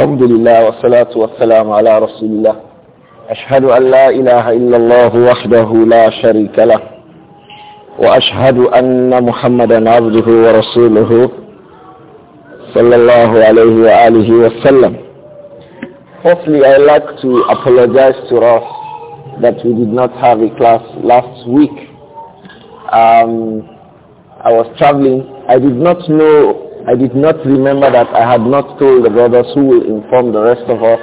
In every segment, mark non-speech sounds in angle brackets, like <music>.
الحمد لله والصلاة والسلام على رسول الله أشهد أن لا إله إلا الله وحده لا شريك له وأشهد أن محمدا عبده ورسوله صلى الله عليه وآله وسلم Firstly, I'd like to apologize to us that we did not have a class last week. Um, I was traveling. I did not know I did not remember that I had not told the brothers who will inform the rest of us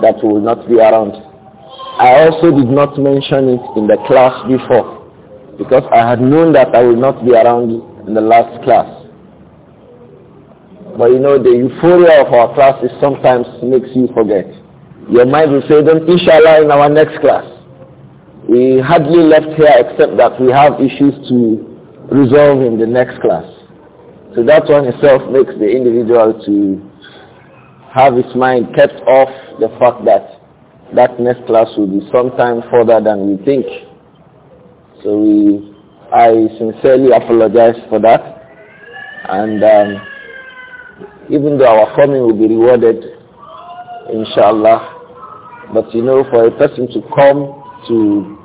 that we will not be around. I also did not mention it in the class before because I had known that I will not be around in the last class. But you know, the euphoria of our classes sometimes makes you forget. Your mind will say, then inshallah in our next class. We hardly left here except that we have issues to resolve in the next class. So that one itself makes the individual to have his mind kept off the fact that that next class will be sometime further than we think. So we, I sincerely apologize for that. And um, even though our coming will be rewarded, inshallah, but you know, for a person to come to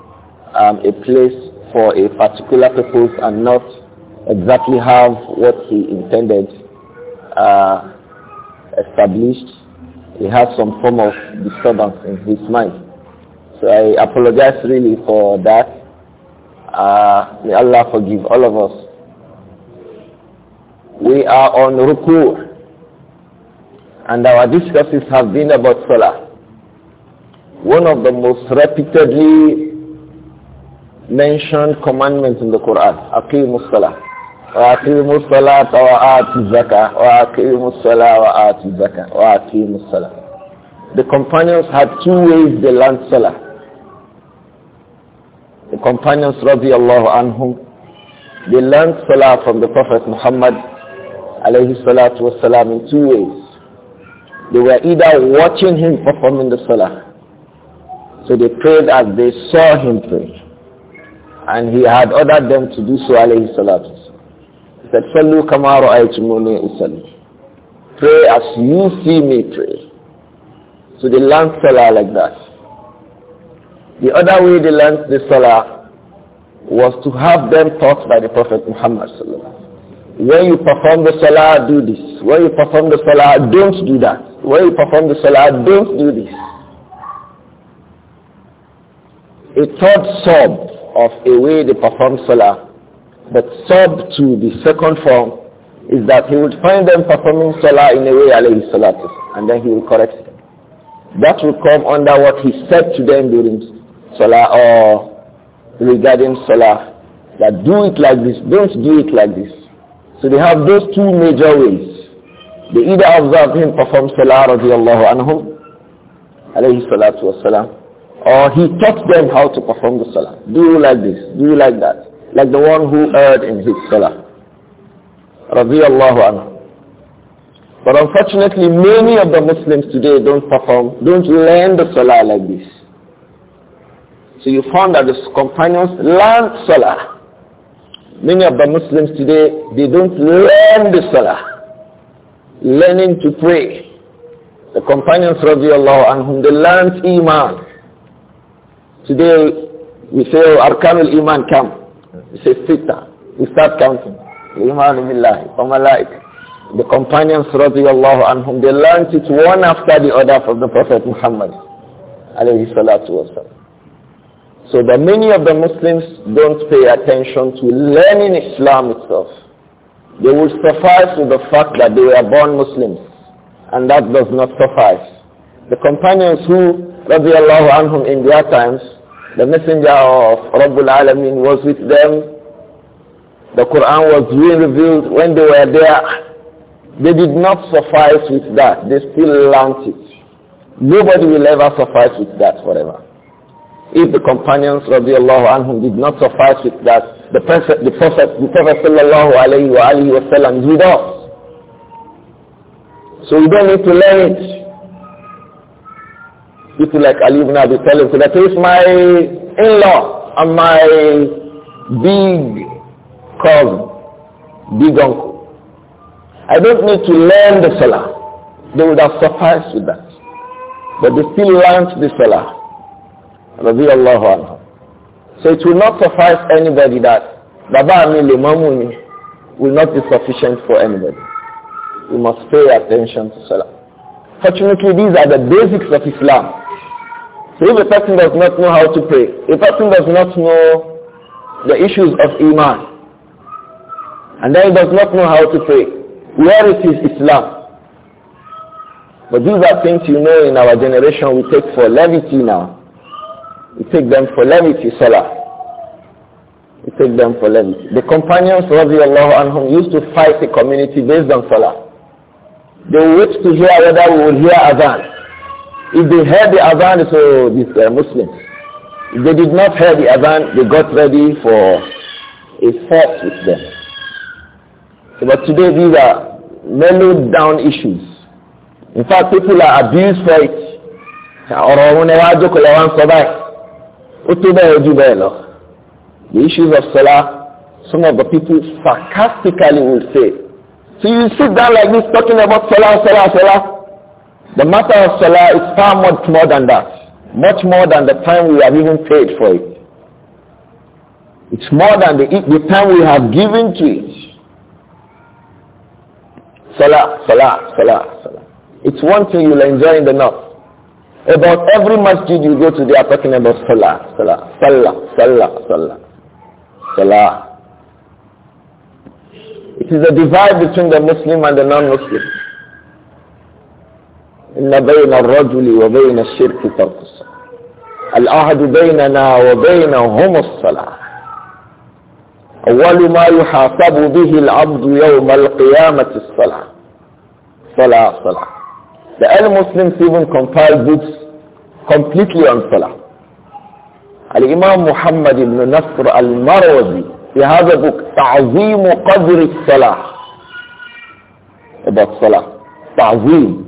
um, a place for a particular purpose and not exactly have what he intended uh, established. He has some form of disturbance in his mind. So I apologize really for that. Uh, may Allah forgive all of us. We are on ruku and our discussions have been about salah. One of the most repeatedly mentioned commandments in the Quran, Akhi Salah. وأقيموا الصلاة وآتوا الزكاة وأقيموا الصلاة وآتوا الزكاة وأقيموا الصلاة The companions had two ways they learned Salah. The companions radiallahu anhum, they learned Salah from the Prophet Muhammad alayhi salatu wasalam in two ways. They were either watching him performing the Salah. So they prayed as they saw him pray. And he had ordered them to do so alayhi said, Sallu al aytumuni usalli. Pray as you see me pray. So they learned Salah like that. The other way they learned the Salah was to have them taught by the Prophet Muhammad When you perform the Salah, do this. When you perform the Salah, don't do that. When you perform the Salah, don't do this. A third sub of a way they perform Salah but sub to the second form is that he would find them performing salah in a way alayhi salatu and then he will correct them. That will come under what he said to them during salah or regarding salah that do it like this, don't do it like this. So they have those two major ways. They either observe him perform salah radiallahu anhum alayhi salatu wasalam or he taught them how to perform the salah. Do it like this? Do you like that? like the one who erred in his salah. Radiallahu anhu. But unfortunately, many of the Muslims today don't perform, don't learn the salah like this. So you found that the companions learned salah. Many of the Muslims today, they don't learn the salah. Learning to pray. The companions, radiallahu anhum, they learned iman. Today, we say, camel oh, iman come. He says sitta. You start counting. Iman billahi, The companions radiallahu anhum, they learned it one after the other from the Prophet Muhammad So that many of the Muslims don't pay attention to learning Islam itself. They will suffice with the fact that they were born Muslims. And that does not suffice. The companions who, radiallahu anhum, in their times, the messenger of Rabbul Alameen was with them. The Quran was being revealed when they were there. They did not suffice with that. They still learned it. Nobody will ever suffice with that forever. If the companions radiallahu anhum did not suffice with that, the Prophet, the Prophet, the Prophet sallallahu alayhi wa alayhi wa sallam did us. So we don't need to learn it people like Ali ibn Abi Talib, so that is my in-law and my big cousin, big uncle. I don't need to learn the Salah. They would have sufficed with that. But they still learned the Salah. So it will not suffice anybody that Baba Amil Imamuni will not be sufficient for anybody. We must pay attention to Salah. Fortunately, these are the basics of Islam if a person does not know how to pray, a person does not know the issues of Iman, and then he does not know how to pray, where is his Islam? But these are things you know in our generation we take for levity now. We take them for levity, Salah. We take them for levity. The companions, radiallahu anhum, used to fight the community based on Salah. They would wait to hear whether we will hear Adhan. If they heard the Adhan, so these uh, Muslims. If they did not hear the Adhan, they got ready for a fight with them. So, but today these are mellowed down issues. In fact, people are abused for it. ọ̀rọ̀ ọ̀run ni wàá jókòó lẹ́wọ́ ń sọ báyìí ó tó bẹ́ẹ̀ ojú bẹ́ẹ̀ lọ. The issues of Salah, some of the people sarcastically will say, so you sit down like this talking about Salah, Salah, Salah. The matter of salah is far much more than that. Much more than the time we have even paid for it. It's more than the, the time we have given to it. Salah, salah, salah, salah. It's one thing you'll enjoy in the north. About every masjid you go to, they are talking about salah, salah, salah, salah, salah, salah. It is a divide between the Muslim and the non-Muslim. إن بين الرجل وبين الشرك ترك الصلاة العهد بيننا وبينهم الصلاة أول ما يحاسب به العبد يوم القيامة الصلاة صلاة صلاة The early Muslims even compiled books completely on Salah. الإمام Nasr al-Marwazi, المروزي في هذا بوك تعظيم قدر الصلاة about Salah. تعظيم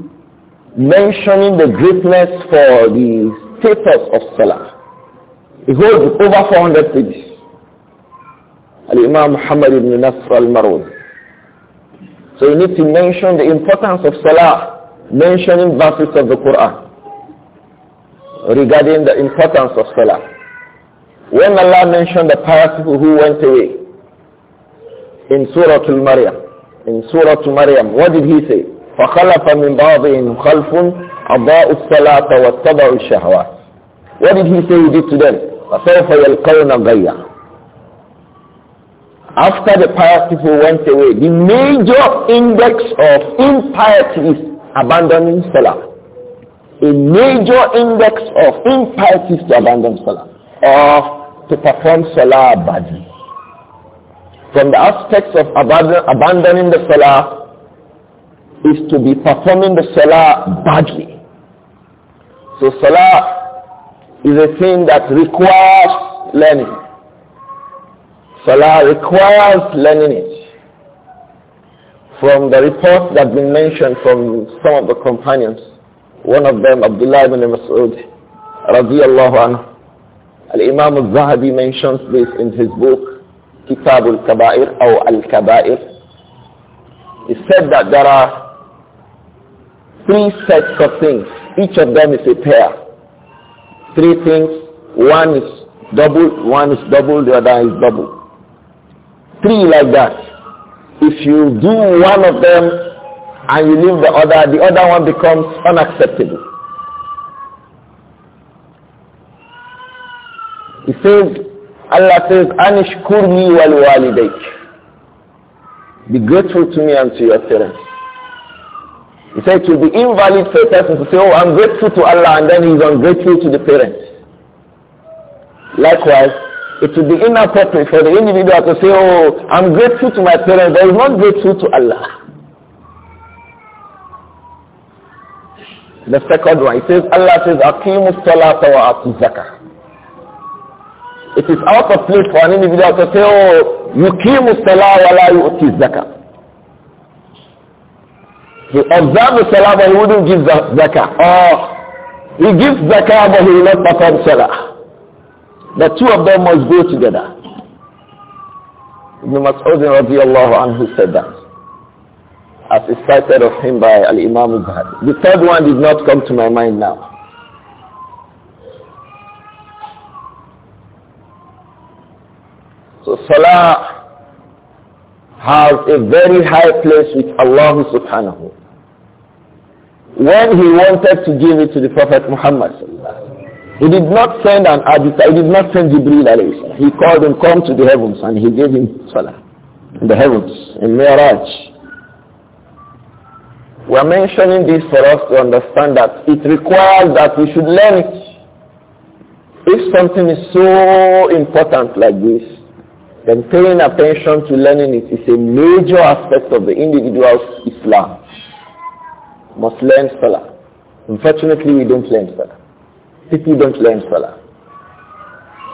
mentioning the greatness for the status of Salah. It holds over 400 pages. Al-Imam Muhammad ibn Nasr al-Marud. So you need to mention the importance of Salah, mentioning verses of the Quran regarding the importance of Salah. When Allah mentioned the person people who went away in Surah Al-Maryam, in Surah Al-Maryam, what did he say? فخلف من بعضهم خلف أضاءوا الصلاة واتبعوا الشهوات What did he say he did to them? فسوف يلقون غيا After the pious people went away, the major index of impiety is abandoning Salah. A major index of impiety is to abandon Salah or to perform Salah badly. From the aspects of abandoning the Salah is to be performing the salah badly. So salah is a thing that requires learning. Salah requires learning it. From the reports that been mentioned from some of the companions, one of them, Abdullah ibn Mas'ud, radiallahu anhu, Al-Imam al-Zahabi mentions this in his book, Kitab al-Kaba'ir, or Al-Kaba'ir. He said that there are three sets of things. Each of them is a pair. Three things. One is double, one is double, the other is double. Three like that. If you do one of them and you leave the other, the other one becomes unacceptable. He says, Allah says, Anishkurni wal walidayk. Be grateful to me and to your parents. He said it will be invalid for a person to say, oh, I'm grateful to Allah, and then he's ungrateful to the parents. Likewise, it will be inappropriate for the individual to say, oh, I'm grateful to my parents, but he's not grateful to Allah. The second one, it says, Allah says, Akimu salata wa atu zakah. It is out of place for an individual to say, oh, Yukimu salah wa la zakah. He observed the salah but he wouldn't give the zakah. Or he gives zakah but he will not perform salah. The two of them must go together. Ibn Mas'ud radiallahu anhu said that. As is cited of him by Al-Imam Ibn. The third one did not come to my mind now. So salah has a very high place with Allah subhanahu when he wanted to give it to the Prophet Muhammad. He did not send an adjutant, he did not send Jibreel alayhi He called him, come to the heavens, and he gave him salah in the heavens, in Mi'raj. We are mentioning this for us to understand that it requires that we should learn it. If something is so important like this, then paying attention to learning it is a major aspect of the individual's Islam must learn Salah. Unfortunately, we don't learn Salah. People don't learn Salah.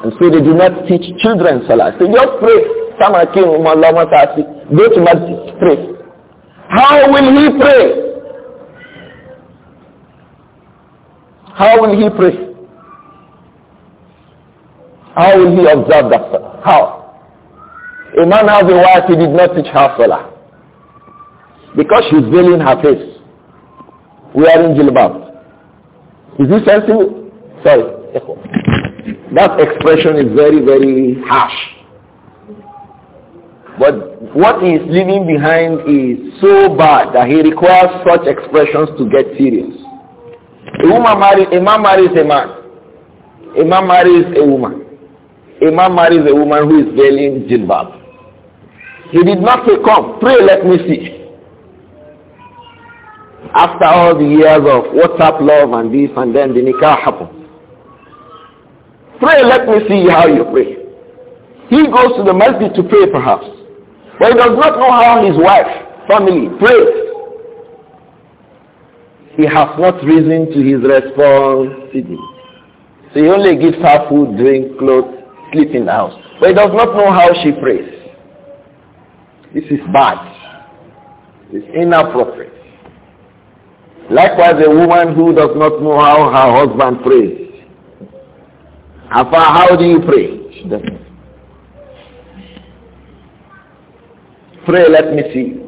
And so they do not teach children Salah. So just pray. King Go to Masjid, pray. How will he pray? How will he pray? How will he observe that Salah? How? A man has a wife, he did not teach her Salah. Because she's veiling her face wearing jilbab. Is this sensible? Sorry. That expression is very, very harsh. But what he is leaving behind is so bad that he requires such expressions to get serious. A woman marries, a man marries a man. A man marries a woman. A man marries a woman who is veiling jilbab. He did not say, come, pray, let me see. After all the years of WhatsApp love and this and then the nikah happened. Pray, let me see how you pray. He goes to the masjid to pray perhaps. But he does not know how his wife, family, prays. He has not risen to his responsibility. So he only gives her food, drink, clothes, sleep in the house. But he does not know how she prays. This is bad. It's inappropriate. Likewise, a woman who does not know how her husband prays. Afa, how do you pray? She doesn't. Pray, let me see.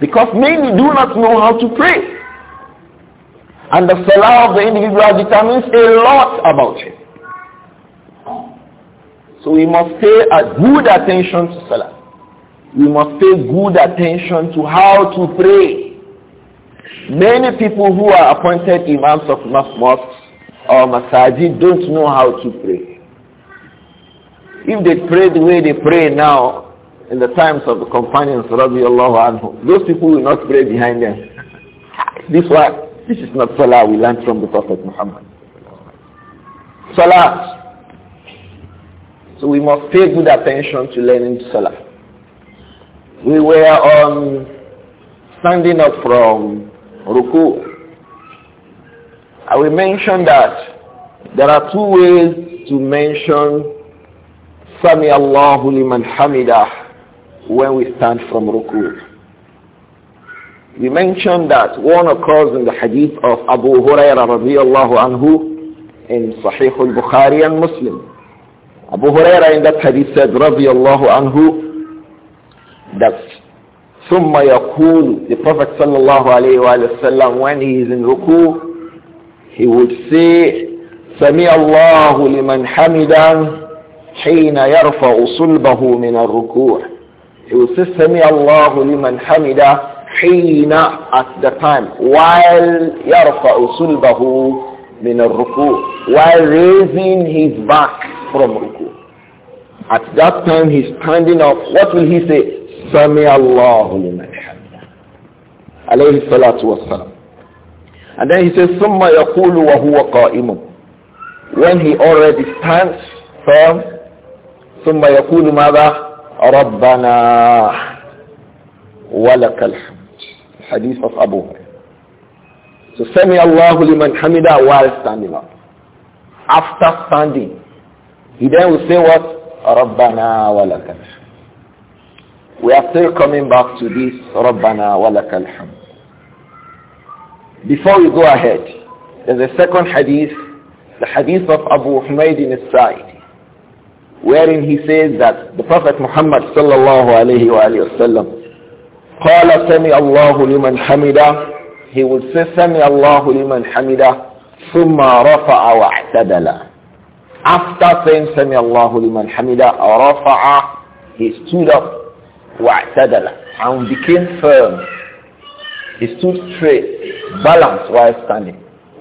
Because many do not know how to pray. And the salah of the individual determines a lot about him. So we must pay a good attention to salah. We must pay good attention to how to pray. Many people who are appointed imams of mosques or masajid don't know how to pray. If they pray the way they pray now, in the times of the companions, anhu, those people will not pray behind them. <laughs> this one, this is not salah we learned from the Prophet Muhammad. Salah. So we must pay good attention to learning salah. We were um, standing up from ruku. I will mention that there are two ways to mention Sami Allahu liman hamidah when we stand from ruku. We mentioned that one occurs in the hadith of Abu Hurairah radiallahu anhu in Sahih al-Bukhari and Muslim. Abu Hurairah in that hadith said radiallahu anhu that ثم يقول the Prophet sallallahu alayhi wa sallam when he is in ruku he would say سمع الله لمن حمدا حين يرفع صلبه من الركوع he would say سمع الله لمن حمدا حين at the time while يرفع صلبه من الركوع while raising his back from ruku at that time he's standing up what will he say سمع الله لمن حمده عليه الصلاة والسلام And then he says, ثم يقول وهو قائم. When he already stands firm, ثم يقول ماذا؟ ربنا ولك الحمد. Hadith of Abu Hurairah. So سمع الله لمن حمده while standing up. After standing, he then will say what? ربنا ولك الحمد We are still coming back to this Rabbana walakal hamd. Before we go ahead, there's a second hadith, the hadith of Abu Humayd al-Sa'idi, wherein he says that the Prophet Muhammad sallallahu alayhi wa alayhi wa sallam, قال سمع الله لمن حمده he would say sami Allahu liman hamida thumma rafa'a wa ihtadala after saying sami Allahu liman hamida rafa'a he stood up وَاعْتَدَلَ And became firm. He stood straight, balanced while standing.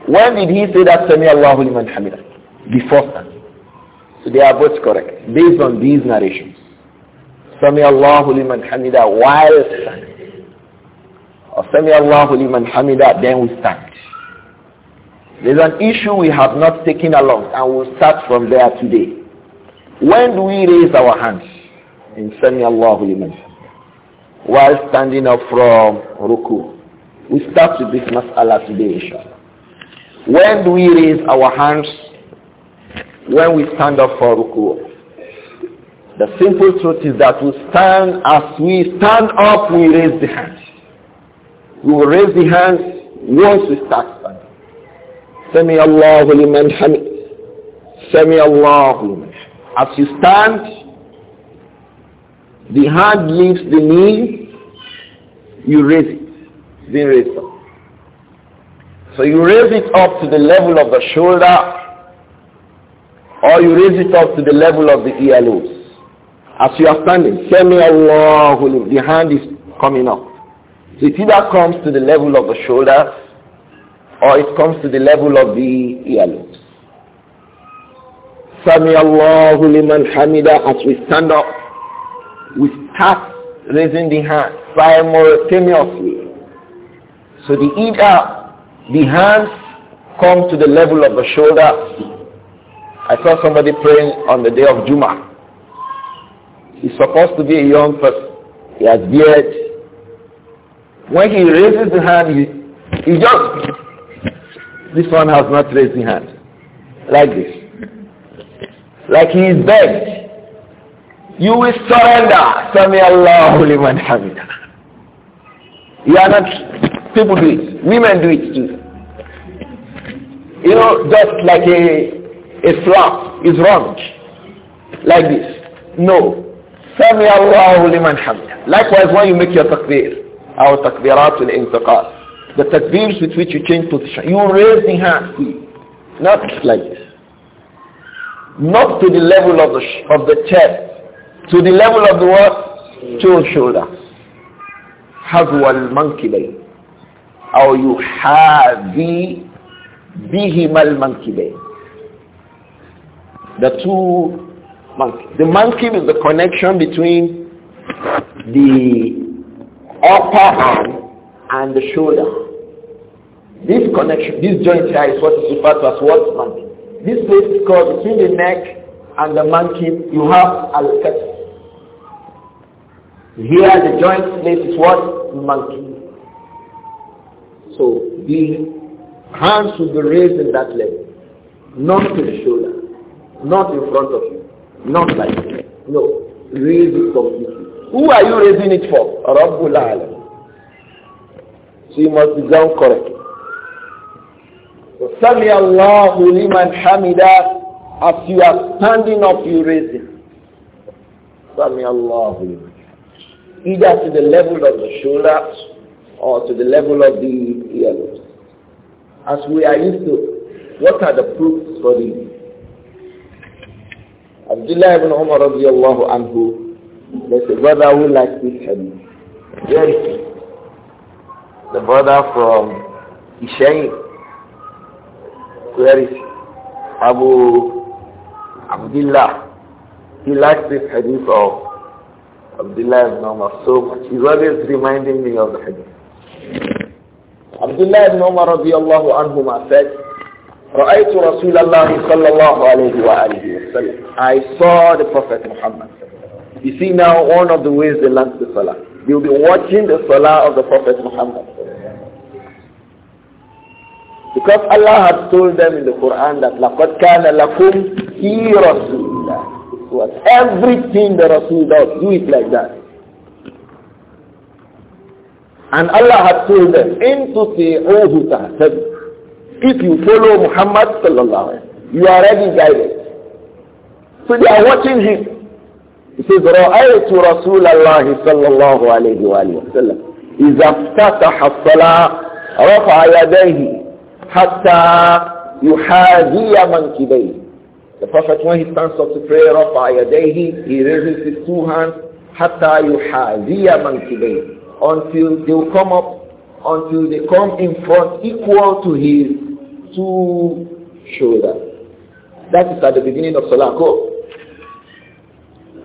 When did he say that Sami Allahu liman hamida? Before standing. So they are both correct, based on these narrations. Sami Allahu liman hamida while standing. Or Sami Allahu liman hamida, then we stand. There's an issue we have not taken along and we'll start from there today. When do we raise our hands? In Sami Allahu liman while standing up from ruku. We start with this mas'ala today, When do we raise our hands when we stand up for ruku? The simple truth is that we stand, as we stand up, we raise the hands. We will raise the hands once we start standing. سمع الله لمن حمد. سمع الله لمن As you stand, the hand leaves the knee, you raise it, then raise up. So you raise it up to the level of the shoulder or you raise it up to the level of the earlobes. As you are standing, Sami Allahu, the hand is coming up. So it either comes to the level of the shoulders or it comes to the level of the earlobes. Sami Allahu liman hamida as we stand up we start raising the hand simultaneously. So the ida, the hands come to the level of the shoulder. I saw somebody praying on the day of Juma. He's supposed to be a young person. He has beard. When he raises the hand, he, he just... This one has not raised the hand. Like this. Like he is begged you will surrender. Sami Allahu liman hamida. You are not, people do it. Women do it too. You know, just like a, a slap is wrong. Like this. No. Sami Allahu liman hamida. Likewise, when you make your takbir, our takbirat al-intiqal, the takbirs with which you change position, you raise the hand, not like this. Not to the level of the, of the chest, to the level of the what? Two shoulders. one monkey bay, or you have The monkey The two monkeys. The monkey is the connection between the upper arm and the shoulder. This connection, this joint here is what is referred to as what monkey. This place is called between the neck and the monkey, You have al here the joint place is what? Monkey. So the hand should be raised in that leg, not to the shoulder, not in front of you, not like No, raise it completely. Who are you raising it for? Rabbul Alam. So you must be done correctly. So, Sami Allahu liman hamida. As you are standing up, you raise it. Sami Allahu either to the level of the shoulders or to the level of the earlobes. As we are used to, what are the proofs for this? Abdullah ibn Umar radiallahu anhu, there's a brother who likes this hadith. Yes. The brother from Ishain. Where is Abu Abdullah? He likes this hadith of Abdullah ibn Umar so much. He's always reminding me of the hadith. Abdullah ibn Umar radiallahu anhuma said, رأيت رسول الله صلى الله عليه وآله وسلم. I saw the Prophet Muhammad. You see now one of the ways they learn the Salah. they will be watching the Salah of the Prophet Muhammad. Because Allah had told them in the Quran that لَقَدْ كَانَ لَكُمْ فِي رَسُولٍ was everything the Rasul does, do it like that. And Allah had told them, in to say, if you follow Muhammad sallallahu alaihi you are already guided. So they are watching him. He says, رأيت رسول الله صلى الله عليه وآله وسلم إذا افتتح الصلاة رفع يديه حتى يحاذي منكبيه the Prophet, when he stands up to pray, رَفَعَ يَدَيْهِ He raises his two hands حَتَّى يُحَاذِيَ مَنْكِبَيْهِ Until they will come up, until they come in front equal to his two shoulders. That is at the beginning of Salah. Go.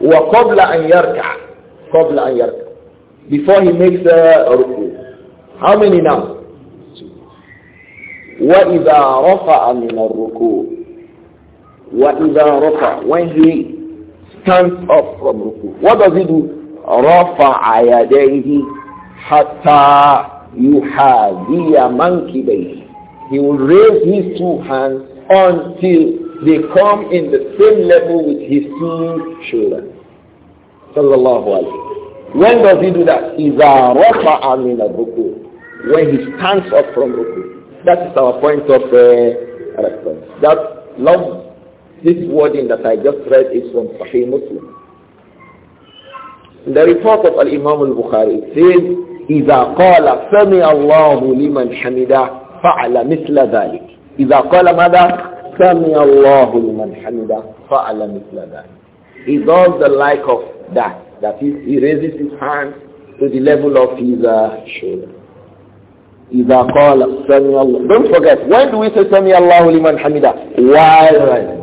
وَقَبْلَ أَنْ يَرْكَعَ قَبْلَ أَنْ يَرْكَعَ Before he makes a ruku. How many now? وَإِذَا رَفَعَ مِنَ الرُّكُوعِ a رَفَعَ When he stands up from ruku. What does he do? رَفَعَ يَدَيْهِ حَتَّى monkey base. He will raise his two hands until they come in the same level with his two shoulders. Sallallahu alayhi. When does he do that? إِذَا rafa مِنَ ruku When he stands up from ruku. That is our point of uh, reference. That love this wording that I just read is from Sahih Muslim. the report of Al-Imam al-Bukhari, it says, إِذَا قَالَ سَمِعَ اللَّهُ لِمَنْ حَمِدَهُ فَعَلَ مِثْلَ ذَلِكَ إِذَا قَالَ مَاذَا سَمِعَ اللَّهُ لِمَنْ حَمِدَهُ فَعَلَ مِثْلَ ذَلِكَ He does the like of that. That is, he raises his hand to the level of his uh, shoulder. إِذَا قَالَ سَمِعَ اللَّهُ Don't forget, when do we say سَمِعَ اللَّهُ لِمَنْ حَمِدَهُ While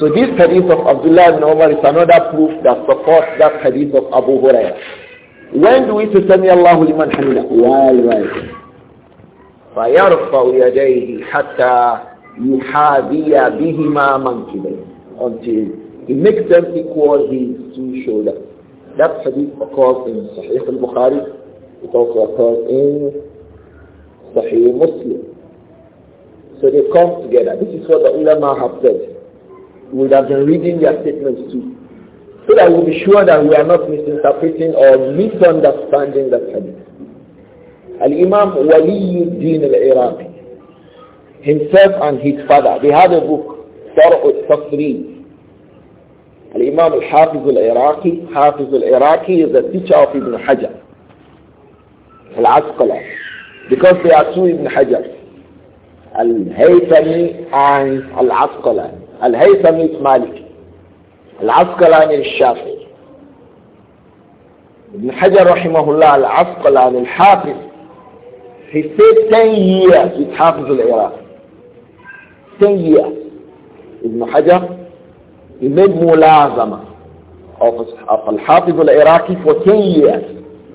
so this hadith of Abdullah ibn Umar is another proof that supports that hadith of Abu Hurairah. When do we say Allah Allahu liman hamida? While rising. فَيَرْفَعُ يَدَيْهِ حَتَّى يُحَاذِيَ بِهِمَا مَنْكِبَيْهِ Until he makes them equal his two shoulders. That hadith occurs in Sahih al-Bukhari. It also occurs in Sahih Muslim. So they come together. This is what the ulama have said would have been reading their statements too. So that we'll be sure that we are not misinterpreting or misunderstanding the hadith. Al-Imam Waliyuddin al-Iraqi, himself and his father, they had a book, Sarh al-Tafri. Al-Imam al-Hafiz al-Iraqi, Hafiz al-Iraqi is the teacher of Ibn Hajar, al-Asqalani, because they are two Ibn Hajar, al-Haytami and al-Asqalani al haytham is Maliki. Al-Asqalani is Shafi. Ibn Hajar rahimahullah al-Asqalani al-Hafiz. He stayed 10 years with Hafiz al-Iraq. 10 years. Ibn Hajar, he made mulazama of, of al-Hafiz al-Iraqi for 10 years.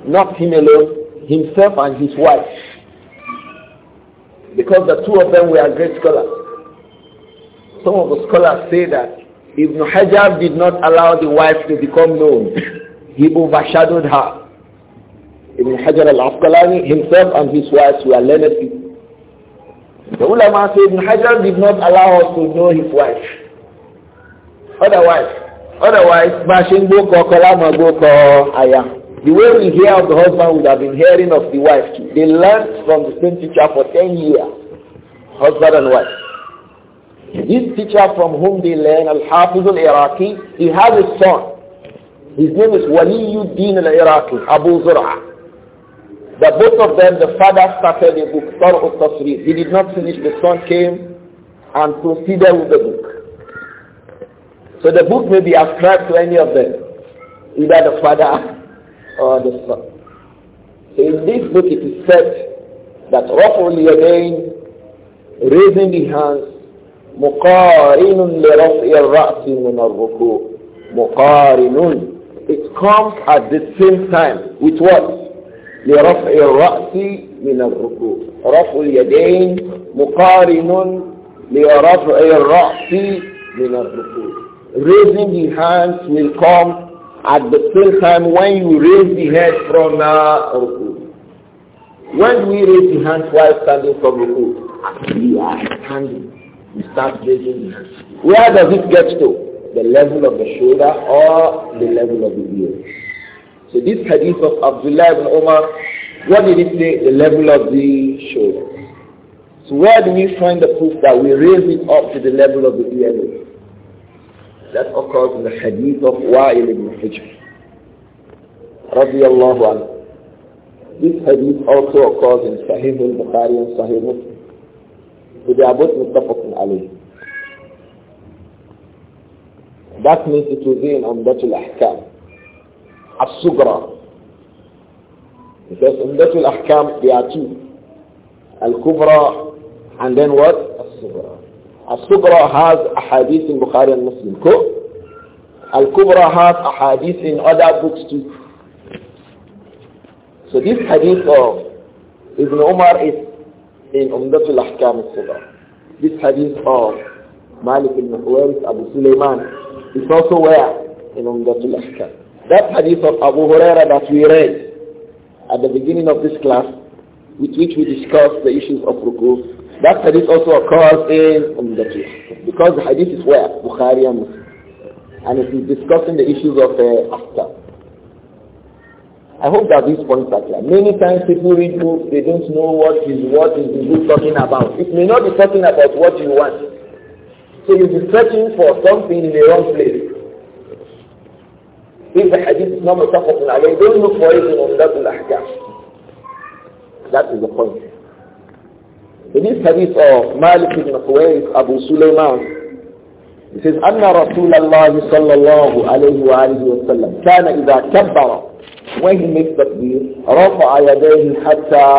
Not him alone, himself and his wife. Because the two of them were great scholars. Some of the scholars say that Ibn Hajar did not allow the wife to become known. He overshadowed her. Ibn Hajar al-Asqalani himself and his wives were learned people. The ulama said Ibn Hajar did not allow us to know his wife. Otherwise, otherwise, Bashingboko Kolamagoko Aya. The way we hear of the husband would have been hearing of the wife too. They learned from the same teacher for 10 years, husband and wife. This teacher from whom they learn, Al-Hafiz al-Iraqi, he has a son. His name is Waliyuddin al-Iraqi, Abu Zur'a. But both of them, the father started a book, Tar al He did not finish. The son came and proceeded with the book. So the book may be ascribed to any of them, either the father <laughs> or the son. So in this book it is said that roughly again, raising the hands مقارن لرفع الرأس من الركوع مقارن it comes at the same time with what لرفع الرأس من الركوع رفع اليدين مقارن لرفع الرأس من الركوع raising the hands will come at the same time when you raise the head from the ركوع. When we raise the hands while standing from ركوع, We are standing you start raising the Where does it get to? The level of the shoulder or the level of the ear. So this hadith of Abdullah ibn Omar, what did it say? The level of the shoulder. So where do we find the proof that we raise it up to the level of the ear? That occurs in the hadith of Wa'il ibn Hijr. Radiallahu anhu. This hadith also occurs in Sahih al-Bukhari and Sahih Muslim. So they are both muttafaqun alayhi. That means it will be in Umdatul Ahkam. As-Sugra. Because Umdatul Ahkam, there are two. Al-Kubra and then what? As-Sugra. As-Sugra has a hadith in Bukhari and Muslim. Cool? Al-Kubra has a hadith in other books too. So this hadith of Ibn Umar is in Umdatul Ahkam al-Subar. This hadith of Malik ibn Huwaris Abu Sulaiman is also where in Umdatul Ahkam. That hadith of Abu Huraira that we read at the beginning of this class with which we discussed the issues of ruku, that hadith also occurs in Umdatul Ahkam because the hadith is where? Bukhari and Muslim. And it is discussing the issues of uh, Ahkam. I hope that these points are clear. Many times people read books, they don't know what is what is the book talking about. It may not be talking about what you want. So you'll be searching for something in the wrong place. If the hadith is not mutafakun alayh, don't look for it in Umdatul Ahkam. That is the point. In this hadith of Malik ibn Khuwais, Abu Sulaiman, it says, أن رسول الله صلى الله عليه وآله وسلم كان إذا كبر when he makes رفع يديه حتى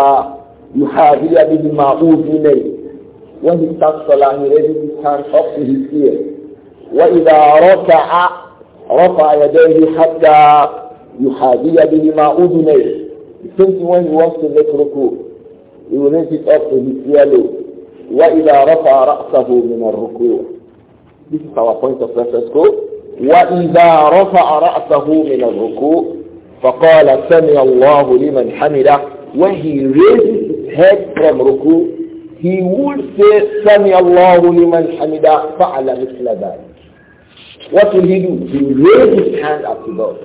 يحاذي بهما أذنيه when he starts salah he raises his hand up to his ear وإذا ركع رفع يديه حتى يحاذي بهما أذنيه since when he wants to make ruku he will raise it up to his earlobe وإذا رفع رأسه من الركوع This is our point of reference code. وإذا رفع رأسه من الركوع فقال سمع الله لمن حمده when he raises his head from ruku he would say سمع الله لمن حمده فعل مثل ذلك what will he do he will raise his hand up to God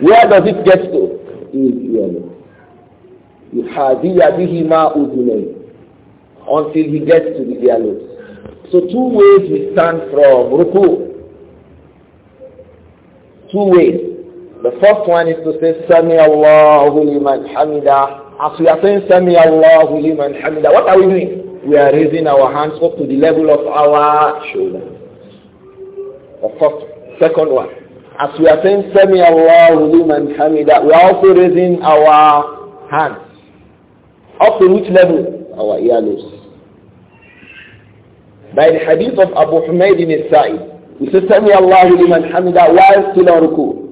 where does it get to يحاذي بهما أذنيه until he gets to the earlobes so two ways we stand from ruku two ways the first one is to say Sami Allahu liman hamida. As we are saying Sami Allahu liman hamida, what are we doing? We are raising our hands up to the level of our shoulders. The first, second one. As we are saying Sami Allahu liman hamida, we are also raising our hands. Up to which level? Our earlobes. By the hadith of Abu Hamid in Sa'id, he says Sami Allahu liman hamida while still on ruku'.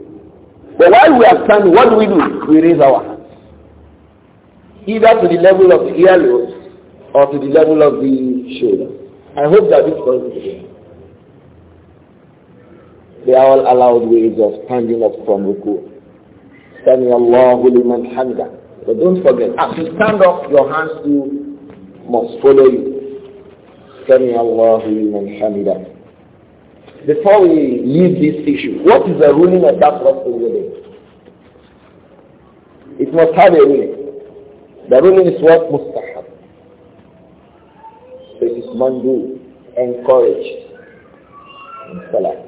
But while we are standing, what do we do? We raise our hands. Either to the level of the earlobe or to the level of the shoulder. I hope that this comes They are all allowed ways of standing up from the Sami Allahu liman But don't forget, as you stand up, your hands too must follow you. Sami Allahu liman hamda before we leave this issue, what is the ruling of that Rasul ruling? It must have a ruling. The ruling is what? Mustahab. So it is mandu, encouraged in salah.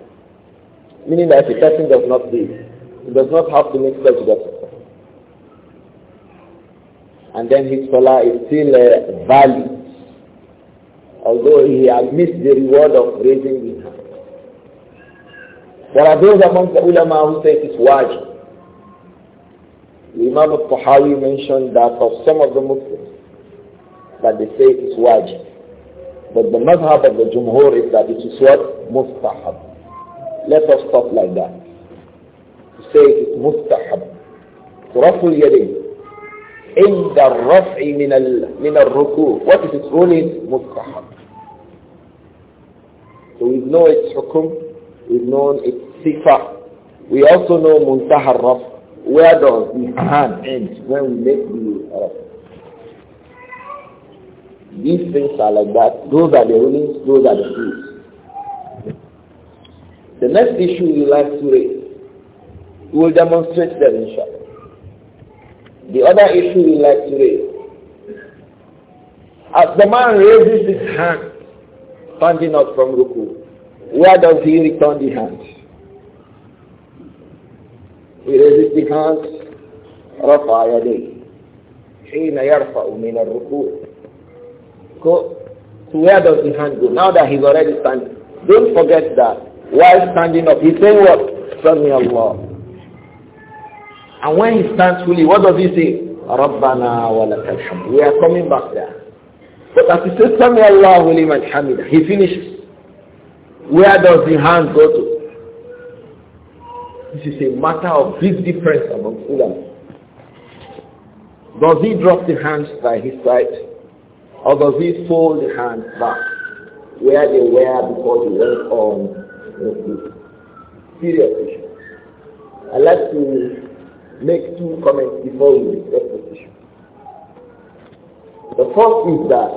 Meaning that if a person does not do he does not have to make such effort and then his salah is still uh, valid, although he has missed the reward of raising his hand. There are those among the ulama who say it is wajib. The Imam al mentioned that of some of the Muslims, that they say it is wajib. But the madhab of the Jumhur is that it is what? Mustahab. Let us stop like that. To say it is mustahab. رفع اليدين عند الرفع من ال... من الركوع what is its rule is مستحب so we know its hukum. we've known its sifa. We also know muntahar Where does the hand end when we make the raf? These things are like that. Those are the rulings, those are the rules. The next issue we like to raise, we will demonstrate them inshallah. The other issue we like to raise, as the man raises his hand, standing up from Ruku, where does he return the hand? He raises the hands. رفع يديه حين يرفع من الركوع go to where does the hand go now that he's already standing don't forget that while standing up he's saying what Sami Allah and when he stands fully what does he say ربنا ولك الحمد we are coming back there but as he says Sami Allah he finishes where does the hand go to this is a matter of big difference among ulama. Does he drop the hands by his side? Or does he fold the hands back where they were before he went on Serious issue. I'd like to make two comments before we discuss this issue. The first is that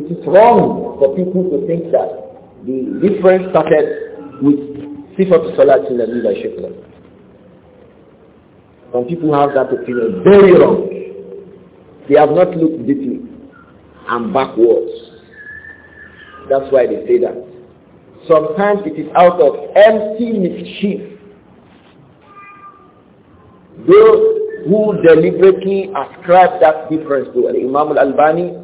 it is wrong for people to think that the difference started with صفة صلاة النبي by Sheikh Some people have that opinion very wrong. They have not looked deeply and backwards. That's why they say that. Sometimes it is out of empty mischief. Those who deliberately ascribe that difference to Imam al-Albani,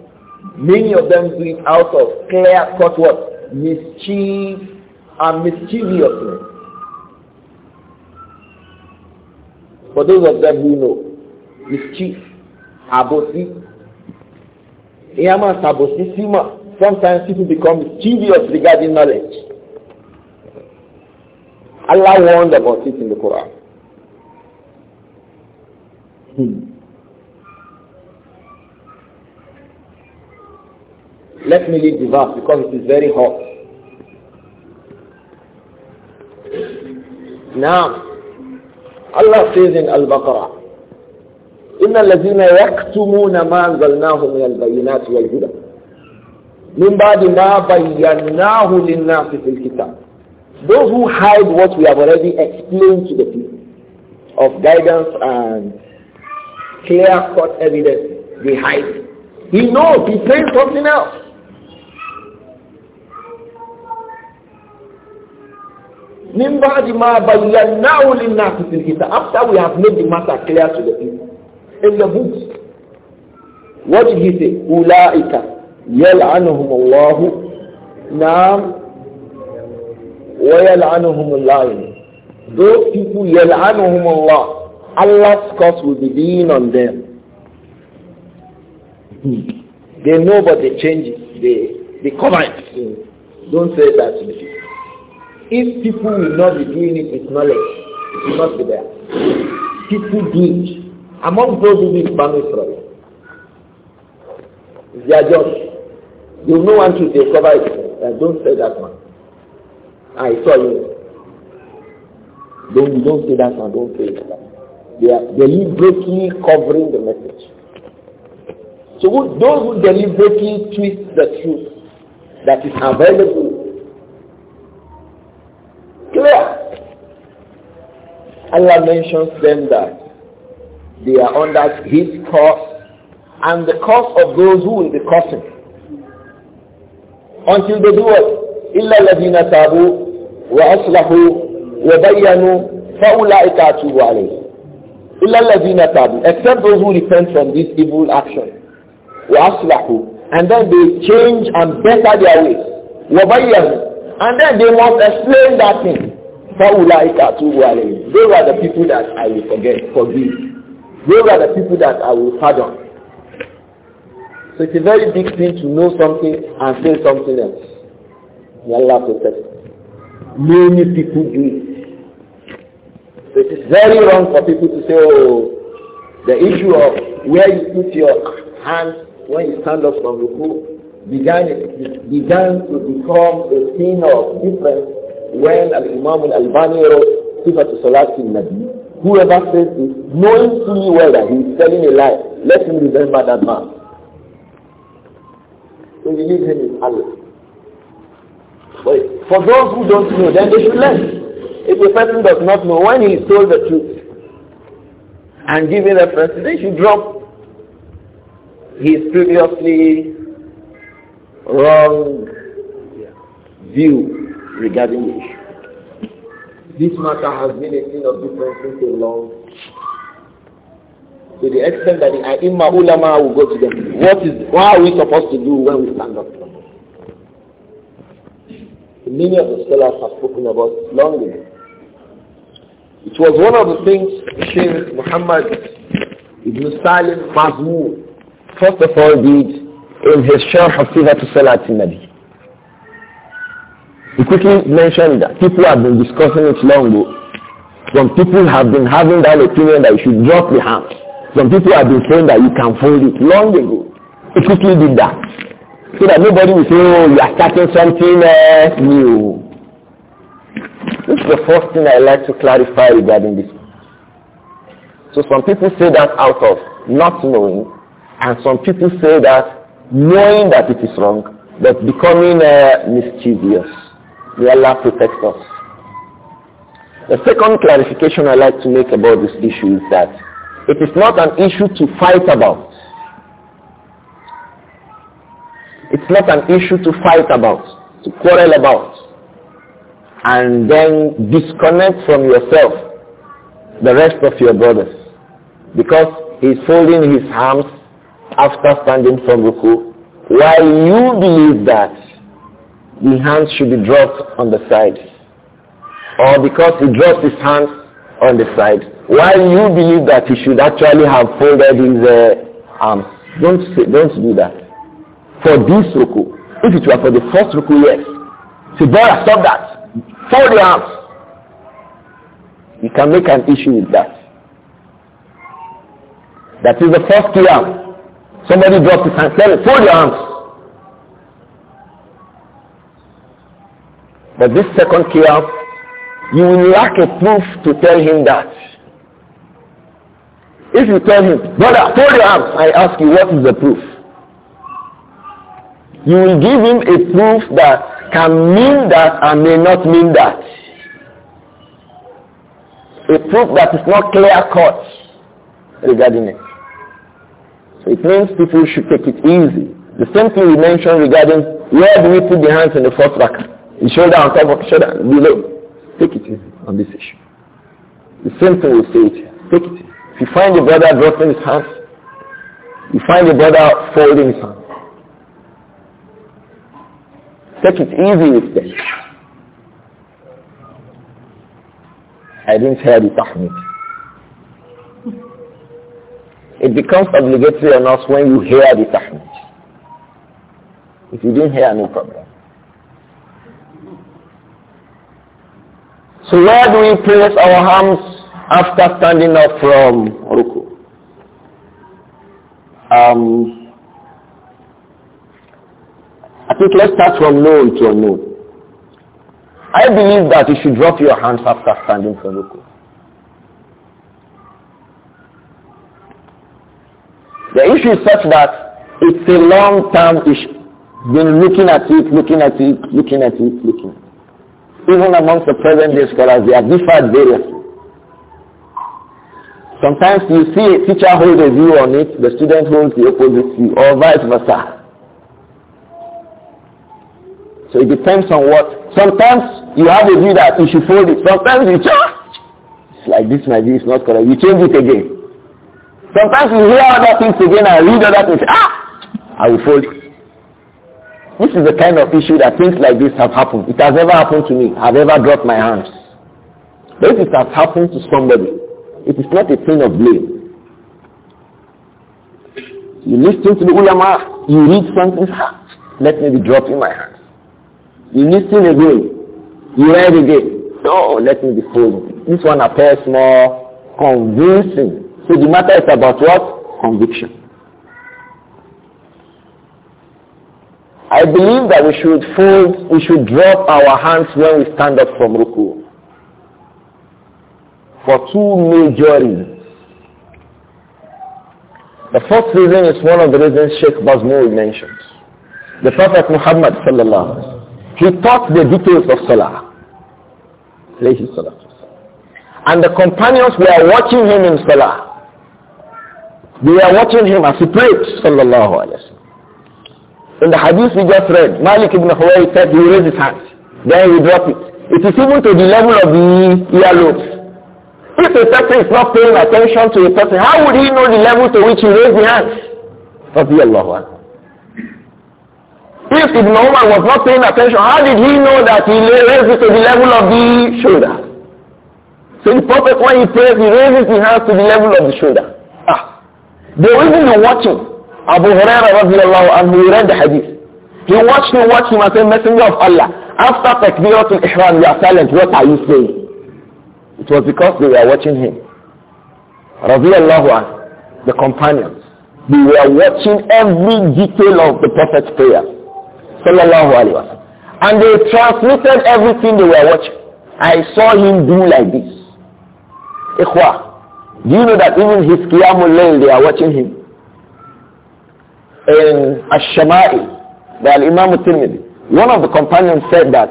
many of them do it out of clear-cut what? Mischief and mischievous. For those of them who know, mischief, abosi, yamas abosi sima. Sometimes people become mischievous regarding knowledge. Allah warned about it in the Quran. Hmm. Let me leave the verse because it is very hot. Now, Allah says in Al-Baqarah, إن الذين يكتمون ما أنزلناه من البينات والهدى من بعد ما بيناه للناس في الكتاب Those who hide what we have already explained to the people of guidance and clear-cut evidence, they hide. He knows, he saying something else. we are now بيناه للناس في الكتاب after we have made the matter clear to the people in the books what did he say أولئك يلعنهم الله نعم ويلعنهم اللعين those people يلعنهم Allah, Allah's curse will be being on them hmm. they know but they change the they, come out hmm. don't say that to the people if people will not be doing it with knowledge, it will not be there. People do it. Among those who do it, from it, They are just. You know one to discover it. Uh, don't say that one. I saw you. Don't, don't say that one. Don't say that one. They are deliberately covering the message. So those who deliberately twist the truth that is available Allah mentions them that they are under his curse and the curse of those who will be cursing. Until they do what? إِلَّا الَّذِينَ تَابُوا وَأَصْلَحُوا وَبَيَّنُوا فَأُولَٰئِكَ أَتُوبُ عَلَيْهِمْ إِلَّا الَّذِينَ تَابُوا Except those who repent from this evil action. وَأَصْلَحُوا And then they change and better their ways. وَبَيَّنُوا And then they must explain that thing. I Fa'ulaika to alayhim. Those are the people that I will forget, forgive. Those are the people that I will pardon. So it's a very big thing to know something and say something else. May Allah protect. Many people do it. So it is very wrong for people to say, oh, the issue of where you put your hand when you stand up from the ruku began, began to become a thing of difference when Al-Imam Al-Albani wrote Sifat Salat Nabi, whoever says it, knowing fully well that he is telling a lie, let him remember that man. So you leave him in Allah. But for those who don't know, then they should learn. If a person does not know, when he is told the truth and given reference, they should drop his previously wrong view regarding the issue. This matter has been a thing of difference since a long to the extent that the Aima ulama will go to them. What is what are we supposed to do when we stand up? Many of the scholars have spoken about long ago. It was one of the things Sheikh Muhammad Ibn Salim Mazmur first of all did in his Sharh of Sivat Salat Nabi. We quickly mentioned that people have been discussing it long ago. Some people have been having that opinion that you should drop the hand. Some people have been saying that you can fold it long ago. We quickly did that. So that nobody will say, oh, you are starting something uh, new. This is the first thing I like to clarify regarding this. So some people say that out of not knowing, and some people say that knowing that it is wrong, but becoming uh, mischievous. May Allah protect us. The second clarification I'd like to make about this issue is that it is not an issue to fight about. It's not an issue to fight about, to quarrel about, and then disconnect from yourself the rest of your brothers. Because he's folding his arms after standing from Ruku, while you believe that the hands should be dropped on the side. Or because he dropped his hands on the side. Why you believe that he should actually have folded his uh, arms. Don't, say, don't do that. For this ruku, if it were for the first ruku, yes. Say, boy, stop that. Fold your arms. You can make an issue with that. That is the first qiyam. Somebody dropped his hand. Tell fold your arms. this second kiaf, you will lack a proof to tell him that. If you tell him, brother, fold your arms, I ask you, what is the proof? You will give him a proof that can mean that and may not mean that. A proof that is not clear cut regarding it. So it means people should take it easy. The same thing we mentioned regarding where do we put the hands in the first rakah. Shoulder on top of shoulder below. Take it easy on this issue. The same thing we say it here. Take it easy. If you find a brother dropping his hands, you find a brother folding his hands. Take it easy with them. I didn't hear the tahmid. It becomes obligatory on us when you hear the tahmid. If you didn't hear, no problem. So where do we place our hands after standing up from ruku? Um, I think let's start from known to unknown. I believe that you should drop your hands after standing from ruku. The issue is such that it's a long term issue. Been looking at it, looking at it, looking at it, looking at it. Even amongst the present day scholars, they are differed various. Sometimes you see a teacher hold a view on it, the student holds the opposite view, or vice versa. So it depends on what. Sometimes you have a view that you should fold it. Sometimes you just, it's like this, my view is not correct. You change it again. Sometimes you hear other things again and read other things. Ah, I will fold it. This is the kind of issue that things like this have happened. It has never happened to me. I've ever dropped my hands. But if it has happened to somebody, it is not a thing of blame. You listen to the ulama, you read something, let me be dropping my hands. You listen again, you read again, no, let me be folding. This one appears more convincing. So the matter is about what? Conviction. I believe that we should fold, we should drop our hands when we stand up from ruku. For two major reasons. The first reason is one of the reasons Sheikh Basmoul mentions. The Prophet Muhammad sallallahu he taught the details of Salah. And the companions were watching him in Salah. They were watching him as he prayed sallallahu in the hadith we just read, Malik ibn Huwayy said he raised his hand. Then he dropped it. It is even to the level of the earlobes. If a person is not paying attention to a person, how would he know the level to which he raised the hand? If Ibn Umar was not paying attention, how did he know that he raised it to the level of the shoulder? So the Prophet, when he prays, he raises his hands to the level of the shoulder. Ah. They will even be watching. Abu Hurairah radiallahu anhu, read the hadith. He watched me watch him and said, Messenger of Allah, after Takbiratul Ihram, you are silent. What are you saying? It was because they were watching him. Radiallahu anhu, the companions, they were watching every detail of the Prophet's prayer. Sallallahu alayhi wa And they transmitted everything they were watching. I saw him do like this. Ikhwah, do you know that even his Qiyamul Layl, they are watching him? in Ash-Shama'i by Imam Tirmidhi. One of the companions said that.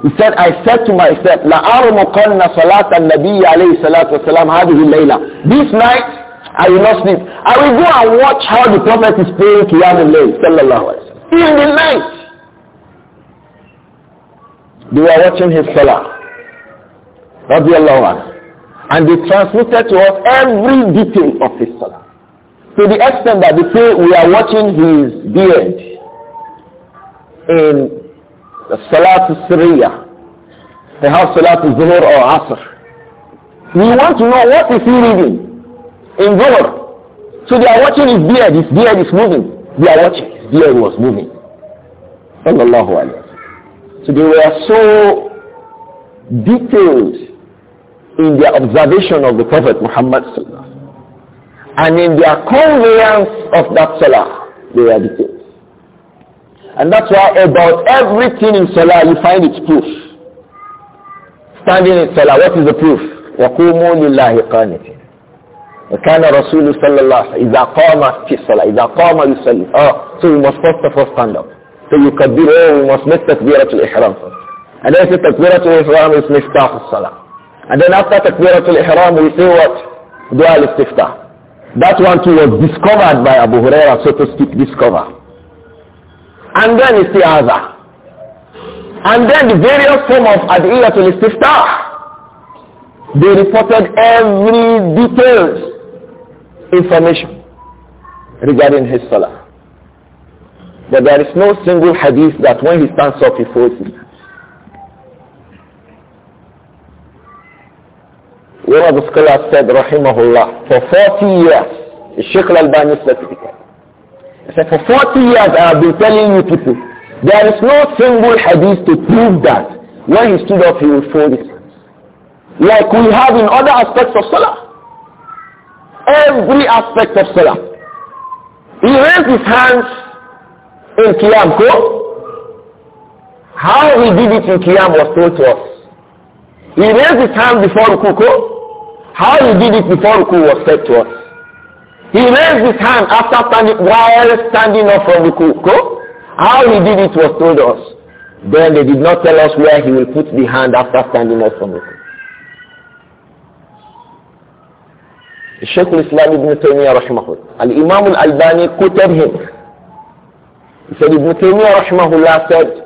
He said, I said to myself, La salat صَلَاةَ النَّبِيِّ عَلَيْهِ الصَّلَاةُ وَسَلَامُ هَذِهِ اللَّيْلَةِ This night, I will not sleep. I will go and watch how the Prophet is praying Qiyam al-Layl, sallallahu alayhi wa sallam. In the night. They were watching his Salah. Radiallahu Allah, And they transmitted to us every detail of his Salah. To the extent that they say we are watching his beard in Salat Syria, perhaps Salat Zuhur or Asr. We want to know what is he reading in Zuhur. So they are watching his beard, his beard is moving. They are watching, his beard was moving. Sallallahu alayhi so they were so detailed in their observation of the Prophet Muhammad sallallahu and in their conveyance of that salah, they were detained. And that's why about everything in salah you find its proof. Standing in salah, what is the proof? وَقُومُوا لِلَّهِ قَانِتِينَ وكان رسول صلى الله عليه وسلم إذا قام في إذا قام oh, so you must first of all stand up so you can do oh You must make تكبيرة الإحرام first and then تكبيرة الإحرام is مفتاح salah. and then after تكبيرة الإحرام you say what دعاء الاستفتاح that one too was discovered by Abu Huraira, so to speak, discover. And then the other, And then the various form of adiyatul istiftah. They reported every details information regarding his salah. But there is no single hadith that when he stands up he falls asleep. One of the scholars said, Rahimahullah, for 40 years, Sheikh al-Albani specifically, he said, for 40 years I have been telling you people, there is no single hadith to prove that when he stood up he would fold his hands. Like we have in other aspects of Salah. Every aspect of Salah. He raised his hands in Qiyam. How he did it in Qiyam was told to us. He raised his hand before Rukuko. How he did it before Ruku was said to us. He raised his hand after standing, while standing up from Ruku. How he did it was told us. Then they did not tell us where he will put the hand after standing up from Ruku. الشيخ الإسلام ابن تيمية Al-Imam al الألباني quoted him he said Ibn Taymiyyah رحمه الله said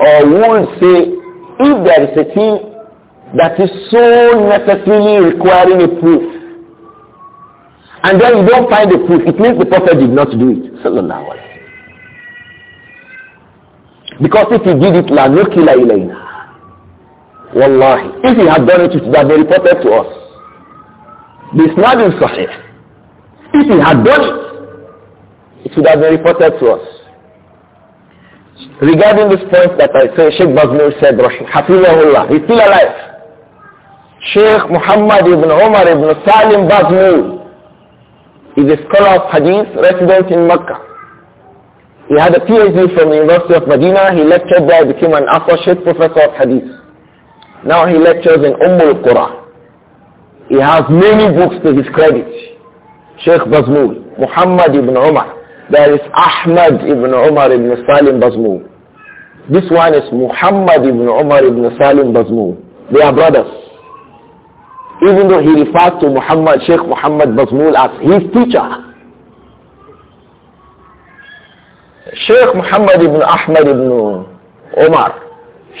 or would say if there is a thing that is so necessarily requiring a proof. And then you don't find the proof. It means the prophet did not do it. Because if he did it, la nukila ilayna. Wallahi. If he had done it, it would have been reported to us. This not in Sahih. If he had done it, it would have been reported to us. Regarding this point that I say, Sheikh Bazmir said, Hafizahullah, he's still alive. Sheikh Muhammad ibn Umar ibn Salim Bazmul is a scholar of hadith resident in Mecca. He had a PhD from the University of Medina. He lectured there, became an associate professor of hadith. Now he lectures in Umm al-Qura. He has many books to his credit. Sheikh Bazmul, Muhammad ibn Umar. There is Ahmad ibn Umar ibn Salim Bazmul. This one is Muhammad ibn Umar ibn Salim Bazmul. They are brothers. even though he refers to Muhammad, Sheikh Muhammad Bazmul as his teacher. Sheikh Muhammad ibn Ahmad ibn Umar,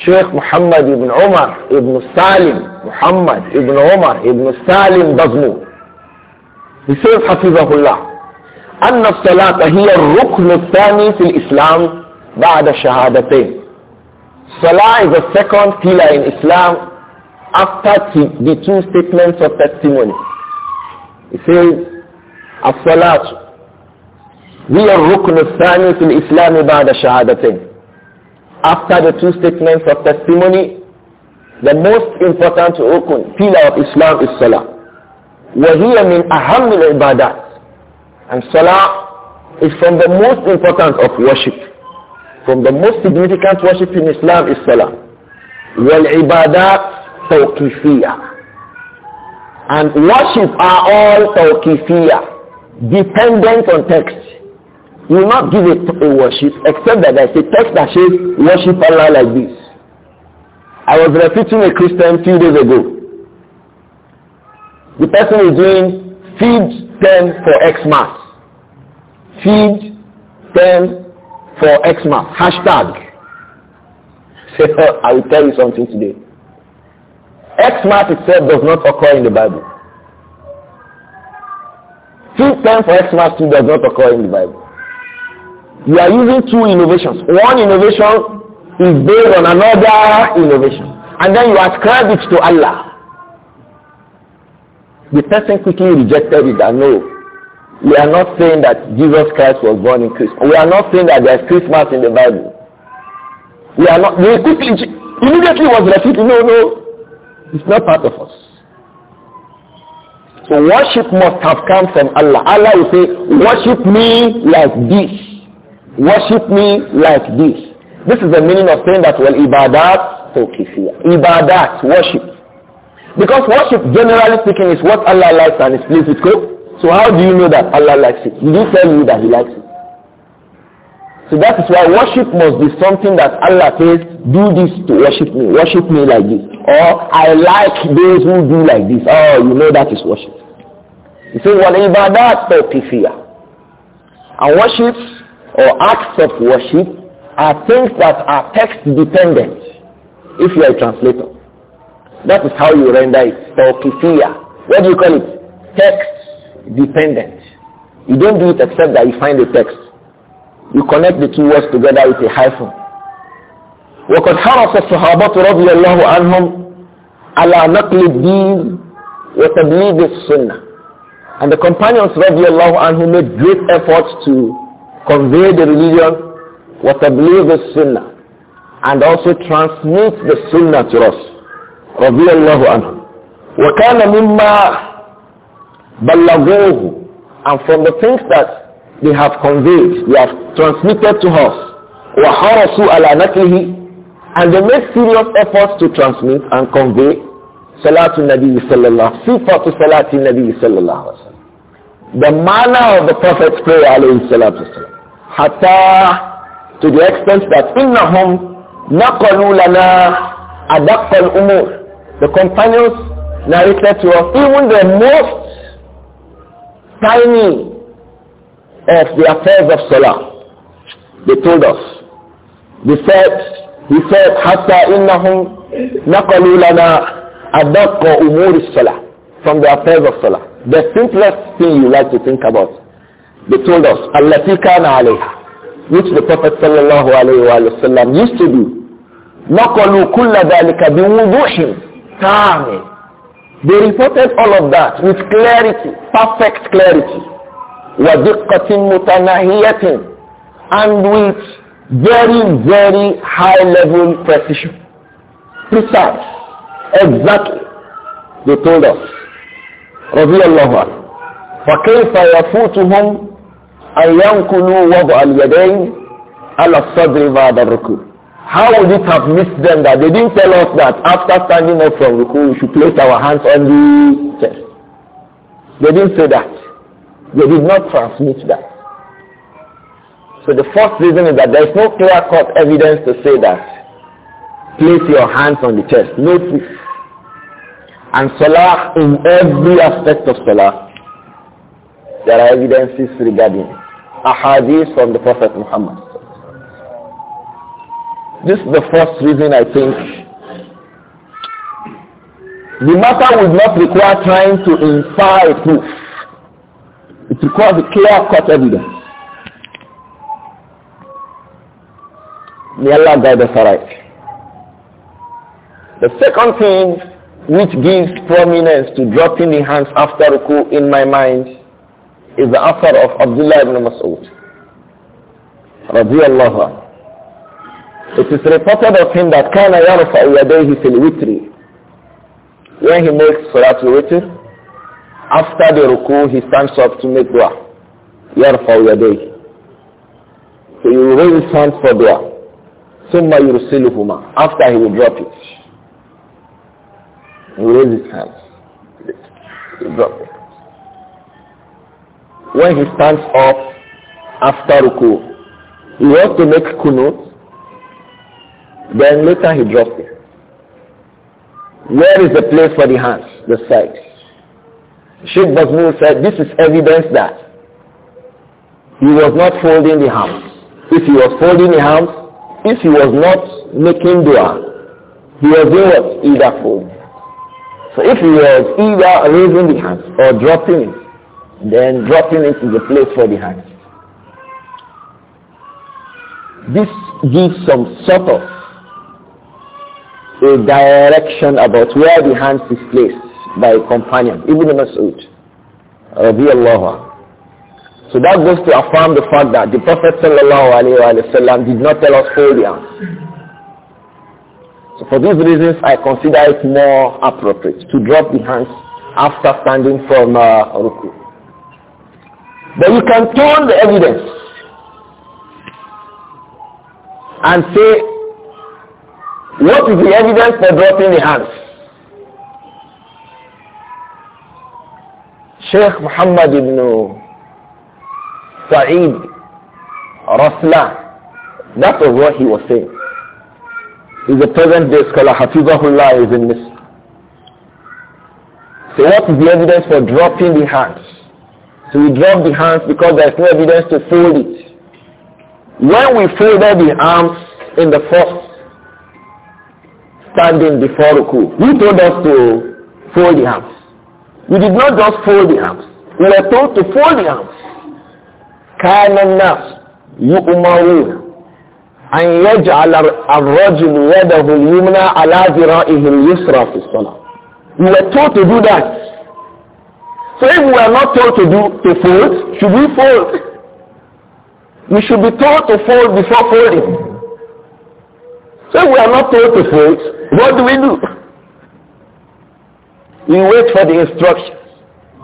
Sheikh Muhammad ibn Umar ibn Salim, Muhammad ibn Umar ibn Salim Bazmul. He says, Hafizahullah, أن الصلاة هي الركن الثاني في الإسلام بعد الشهادتين. Salah is the second pillar in Islam after the two statements of testimony. He says, "As الصلاة هي الركن الثاني في الإسلام بعد شهادتين. After the two statements of testimony, the most important rukun, pillar of Islam is Salah. وهي من أهم العبادات. And Salah is from the most important of worship. From the most significant worship in Islam is Salah. والعبادات tawqifiyah. And worship are all tawqifiyah, dependent on text. You will not give it a worship except that there is a text that says worship Allah like this. I was refuting a Christian few days ago. The person is doing feed 10 for xmas, feeds Feed 10 for xmas Hashtag. Say, <laughs> so, I will tell you something today. Xmas itself does not occur in the Bible. Two times for Xmas two does not occur in the Bible. You are using two innovations. One innovation is based on another innovation. And then you ascribe it to Allah. The person quickly rejected it and no. We are not saying that Jesus Christ was born in Christmas. We are not saying that there is Christmas in the Bible. We are not. They quickly, immediately was refuted. No, no. It's not part of us. So worship must have come from Allah. Allah will say, worship me like this. Worship me like this. This is the meaning of saying that, well, ibadat, tawqifiyah. Ibadat, worship. Because worship, generally speaking, is what Allah likes and is pleased with. So how do you know that Allah likes it? Did he tell you that he likes it? So that is why worship must be something that Allah says, do this to worship me, worship me like this. Or I like those who do like this. Oh, you know that is worship. He says, وَالْعِبَادَاتُ تَوْقِفِيَةً And worship or acts of worship are things that are text dependent if you are a translator. That is how you render it. Tawqifiyah. What do you call it? Text dependent. You don't do it except that you find a text. You connect the two words together with a hyphen. وقد حرص الصحابة رضي الله عنهم على نقل الدين وتبليغ السنة. And the companions رضي الله عنهم made great efforts to convey the religion وتبليغ السنة and also transmit the sunnah to us. رضي الله عنهم. وكان مما بلغوه and from the things that they have conveyed, they have transmitted to us. وَحَرَصُوا عَلَى نَقْلِهِ And they made serious efforts to transmit and convey Salatul Nabi sallallahu Sifatu Salatul Nabi sallallahu alayhi wa The manner of the Prophet's prayer alayhi salatu Hatta to the extent that إِنَّهُمْ نَقَلُوا لَنَا أَدَقَّ الْأُمُورِ The companions narrated to us even the most tiny of the affairs of Salah. They told us. They said, he said, حَتَّى إِنَّهُمْ نَقَلُوا لَنَا أَدَقَّ أُمُورِ Salah From the affairs of Salah. The simplest thing you like to think about. They told us, الَّتِي كَانَ عَلَيْهَا Which the Prophet sallallahu alayhi wa sallam used to do. نَقَلُوا كُلَّ ذَلِكَ بِوُضُوحٍ They reported all of that with clarity, perfect clarity. وَدِقَّةٍ مُتَنَاهِيَةٍ and with very, very high level precision. Precise. Exactly. They told us. رضي الله عنه فكيف يفوتهم أن ينقلوا وضع اليدين على الصدر بعد How would it have missed them that they didn't tell us that after standing up from ruku we should place our hands on the chest? They didn't say that. They did not transmit that. So the first reason is that there is no clear-cut evidence to say that place your hands on the chest. No proof. And salah in every aspect of salah, there are evidences regarding ahadith from the Prophet Muhammad. This is the first reason I think the matter would not require trying to infer a proof. It requires a clear-cut evidence. May Allah guide us aright. The second thing which gives prominence to dropping the hands after ruku in my mind is the affair of Abdullah ibn Mas'ud. Radiallahu It is reported of him that كان يرفع يديه في الوتر. When he makes Salatul Witr, after the ruku, he stands up to make dua. يرفع يديه. So you raise his hand for dua. ثم يرسلهما. After he will drop it. He raise his hand. He drop it. When he stands up after ruku, he wants to make kunut. Then later he drops it. Where is the place for the hands? The sides. Sheikh Basmul said this is evidence that he was not folding the hands. If he was folding the hands, if he was not making dua, he was doing what? Either fold. So if he was either raising the hands or dropping it, then dropping it is a place for the hands. This gives some sort of a direction about where the hands is placed by a companion, Ibn Mas'ud. So that goes to affirm the fact that the Prophet ﷺ did not tell us hold your So for these reasons, I consider it more appropriate to drop the hands after standing from uh, Ruku. But you can turn the evidence and say, what is the evidence for dropping the hands? Sheikh Muhammad ibn Sa'id Rasla, that was what he was saying. He's a present-day scholar, Hafizahullah is in this. So what is the evidence for dropping the hands? So we drop the hands because there is no evidence to fold it. When we folded the arms in the first standing before Ruku, who told us to fold the hands? We did not just fold the arms. We were told to fold the arms. كان الناس يؤمرون أن يجعل الرجل يده اليمنى على ذرائه اليسرى في الصلاة. We were told to do that. So if we are not told to do to fold, should we fold? We should be told to fold before folding. So if we are not told to fold, what do we do? We wait for the instruction.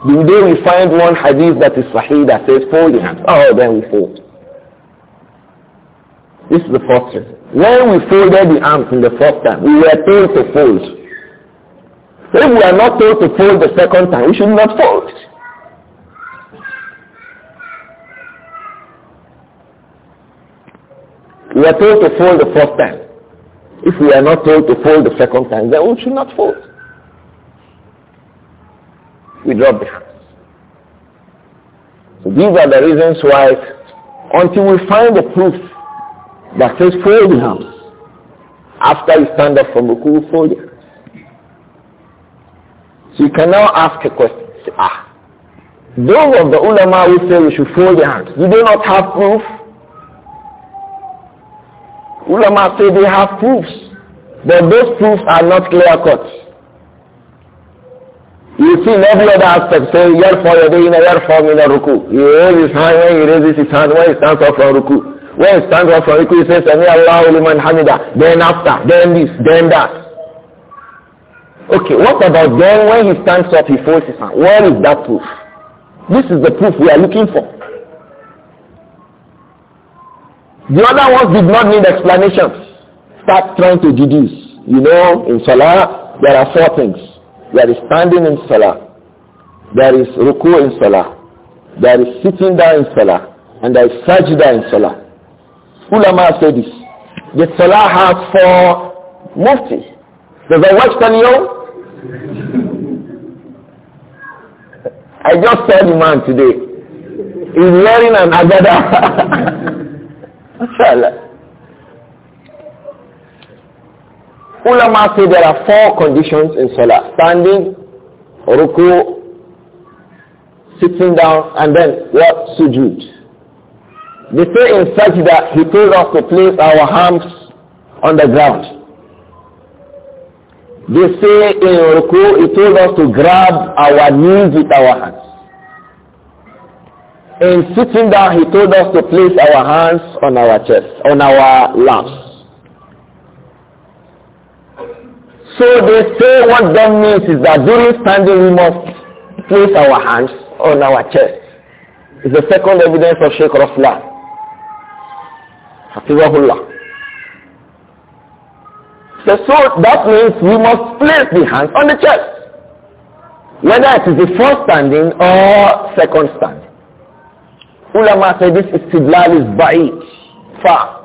The day we find one hadith that is sahih that says fold your hands. Oh, then we fold. This is the first time. When we folded the arms in the first time, we were told to fold. So if we are not told to fold the second time, we should not fold. We are told to fold the first time. If we are not told to fold the second time, then we should not fold we drop the hands. So these are the reasons why until we find the proof that says fold the hands, after you stand up from Ruku, fold the hands. So you can now ask a question. Say, ah, those of the ulama who say we should fold the hands, do they not have proof? Ulama say they have proofs, but those proofs are not clear cut. You see in every other aspect, saying, Yarfa yadayna yarfa mina ruku. He raises his hand when he raises his hand, when he stands up from ruku. When he stands up from ruku, he says, Sami Allahu liman hamida. Then after, then this, then that. Okay, what about then when he stands up, he folds his hand? Where is that proof? This is the proof we are looking for. The other ones did not need explanations. Start trying to deduce. You know, in Salah, there are four things. There is standing in salah. There is ruku in salah. There is sitting down in salah. And there is sajda in salah. Ulama say this. The salah has four muftis. Does I watch Kanyo? I just saw the man today. He's wearing an agada. <laughs> Ulama say there are four conditions in salah. Standing, ruku, sitting down, and then what? Sujud. They say in sajda, he told us to place our hands on the ground. They say in ruku, he told us to grab our knees with our hands. In sitting down, he told us to place our hands on our chest, on our laps. So they say what that means is that during standing we must place our hands on our chest. It's the second evidence of Sheikh Rafla. So, so that means we must place the hands on the chest. Whether it is the first standing or second standing. Ulama say this is istidlal is ba'id, far.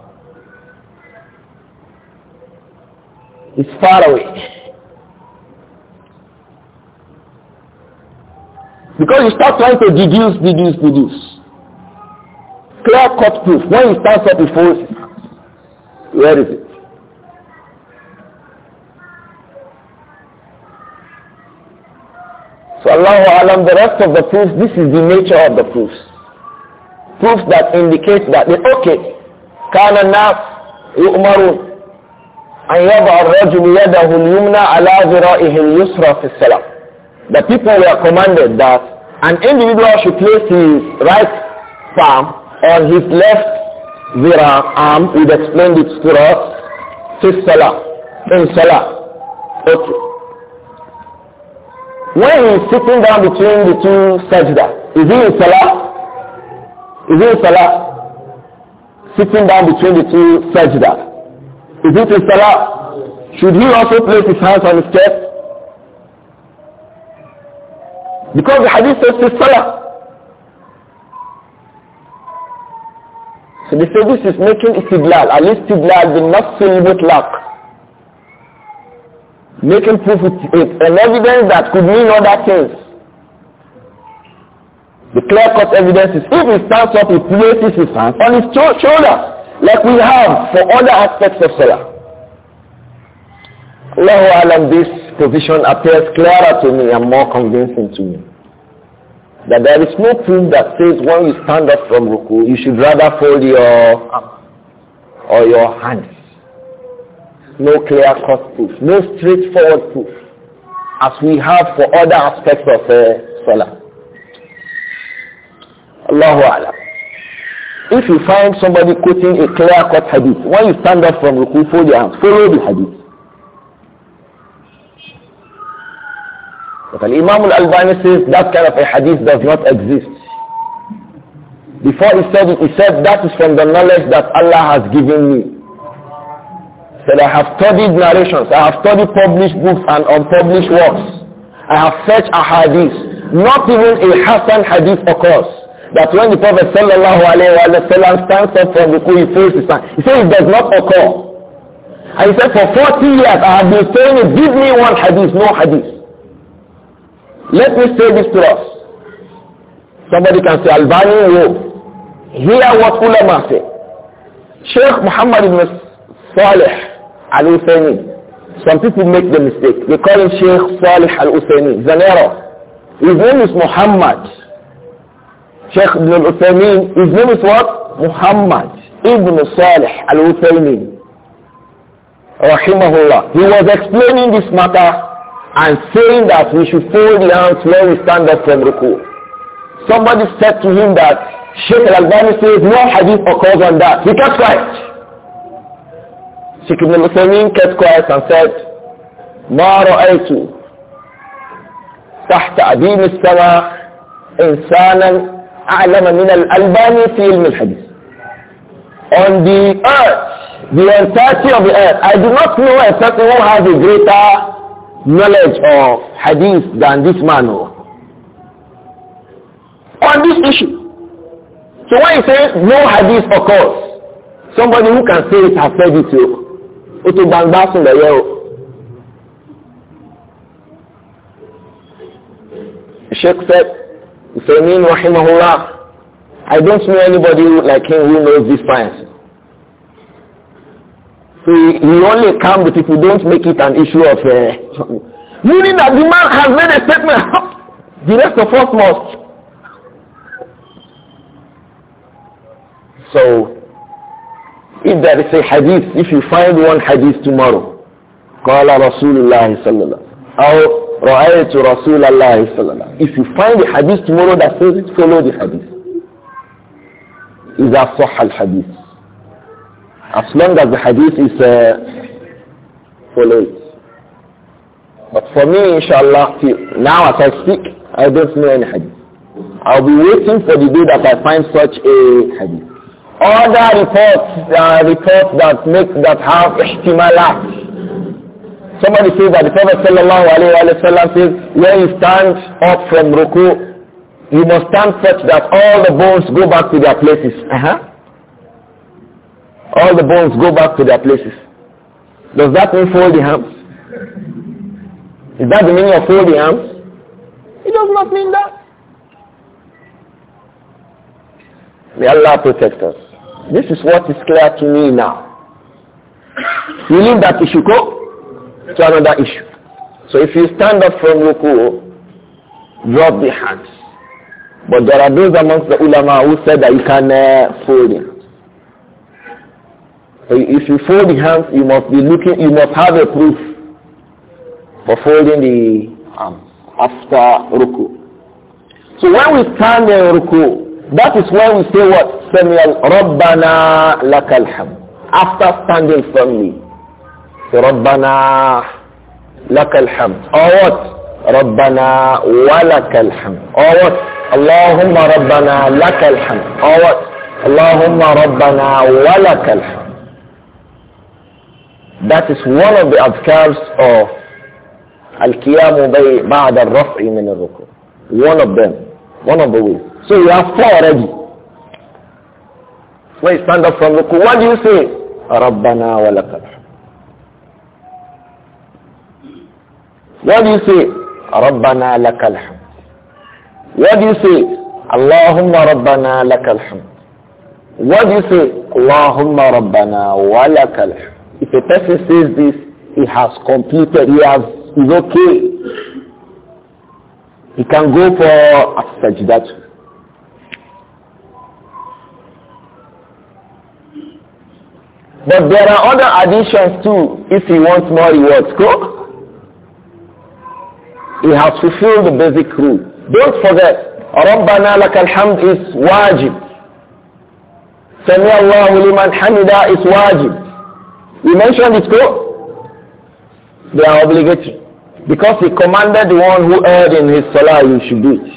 is far away. Because you start trying to deduce, deduce, deduce. Clear cut proof. When you stand up before us, where is it? So Allah Alam, the rest of the proofs, this is the nature of the proofs. Proofs that indicate that, okay, كان الناس يؤمرون أن The people were commanded that an individual should place his right palm on his left zira arm. We've explained it to us. Fi salah. In salah. Okay. When is sitting down between the two sajda, is he in salah? Is he in salah? Sitting down between the two sajda. Is it in Salah? Should he also place his hands on his chest? Because the hadith says it's Salah. So they say this is making At least istiblal, the nafsul mutlaq. Making proof with it, an evidence that could mean other things. The clear-cut evidence is if he stands up, he places his hands on his shoulder like we have for other aspects of salah. Allahu Alam, this position appears clearer to me and more convincing to me. That there is no proof that says when you stand up from ruku, you should rather fold your or your hands. No clear-cut proof, no straightforward proof, as we have for other aspects of uh, salah. Allahu Alam. If you find somebody quoting a clear-cut hadith, when you stand up from ruku, fold your hands, follow the hadith. But Imam al-Albani says that kind of a hadith does not exist. Before he said it, he said that is from the knowledge that Allah has given me. He said, I have studied narrations, I have studied published books and unpublished works. I have searched a hadith. Not even a Hassan hadith occurs. that when the Prophet sallallahu alayhi wa sallam stands up from the kuhi, he faces his hand. He said it does not occur. And he said for 40 years I have been saying it, give me one hadith, no hadith. Let me say this to us. Somebody can say Albani no. Hear what ulama say. Sheikh Muhammad ibn Salih al-Uthaymeen. Some people make the mistake. They call him Sheikh Salih al-Uthaymeen. Zanero. His name is Muhammad. شيخ Ibn al-Uthaymin, his name is what? Muhammad Ibn الله al Rahimahullah. He was explaining this matter and saying that we should fold the hands when we stand up from ruku. Somebody said to him that Sheikh al-Albani says no hadith occurs on that. He kept quiet. Sheikh Ibn al-Uthaymin kept quiet and said, ما رأيت تحت أديم السماء إنسانا أعلم من الألباني في علم Hadith. on the earth the entirety of the earth I do not know a person who has a greater knowledge of hadith than this man or oh. on this issue so when he says no hadith occurs somebody who can say it has said it too oh. ó tó gbangba sùn lẹ́yẹ o. Oh. to gbangba sun leye sheik said Uthaymeen rahimahullah. I don't know anybody like him who knows this science. We you only come but if you don't make it an issue of uh, <laughs> meaning that the man has made a statement <laughs> the rest of us must so if there is a hadith if you find one hadith tomorrow قال رسول الله صلى الله عليه وسلم رأيت رسول الله if you find a hadith tomorrow that says it follow the hadith إذا صح الحديث as long as the hadith is uh, follow but for me inshallah now as I speak I don't know any hadith I'll be waiting for the day that I find such a hadith other reports uh, reports that make that have ihtimalat Somebody says that the Prophet sallallahu alayhi wa sallam says, when you stand up from ruku, you must stand such that all the bones go back to their places. Uh-huh. All the bones go back to their places. Does that mean fold the arms? Is that the meaning of fold the arms? It does not mean that. May Allah protect us. This is what is clear to me now. Feeling that issue go to another issue. So if you stand up from ruku, drop the hands. But there are those amongst the ulama who said that you can uh, fold it. So if you fold the hands, you must be looking, you must have a proof for folding the arms um, after ruku. So when we stand in ruku, that is when we say what? Samuel, Rabbana lakal After standing firmly. ربنا لك الحمد or ربنا ولك الحمد or اللهم ربنا لك الحمد or اللهم ربنا ولك الحمد that is one of the adhkars of Al-Qiyamu القيام بعد الرفع من الركوع one of them one of the ways so you have four already when you stand up from ruku what do you say ربنا ولك الحمد What do you say? Rabbana لَكَ الْحَمْدِ What do you say? Allahumma Rabbana لك الحمد. What do you say? Allahumma Rabbana ولك الحمد. If a person says this, he has completed, he has, is okay. He can go for a sajdat. But there are other additions too if he wants more rewards. Go. He has fulfilled the basic rule. Don't forget, ربنا لك الحمد is wajib, سمع الله لمن حمده is wajib. We mentioned it, go. They are obligatory. Because he commanded the one who erred in his salah, you should do it.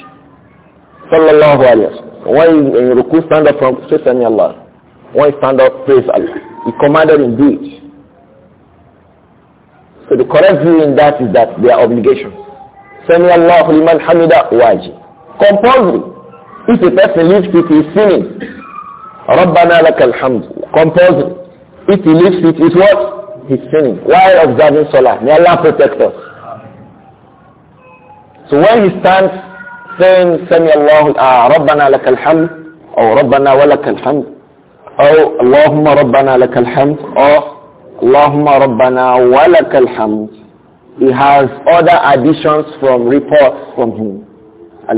Sallallahu alayhi wa When you in ruku stand up from, say Sami Allah. When you stand up, praise Allah. He commanded him, do it. So the correct view in that is that they are obligations. سمي الله لمن حمد واجي كومبوزلي if a person lives with his singing ربنا لك الحمد كومبوزلي if he lives with his what his singing while observing salah may Allah protect us so when he stands saying سمي الله آه ربنا لك الحمد أو ربنا ولك الحمد أو اللهم ربنا لك الحمد أو اللهم ربنا ولك الحمد he has other additions from reports from him. From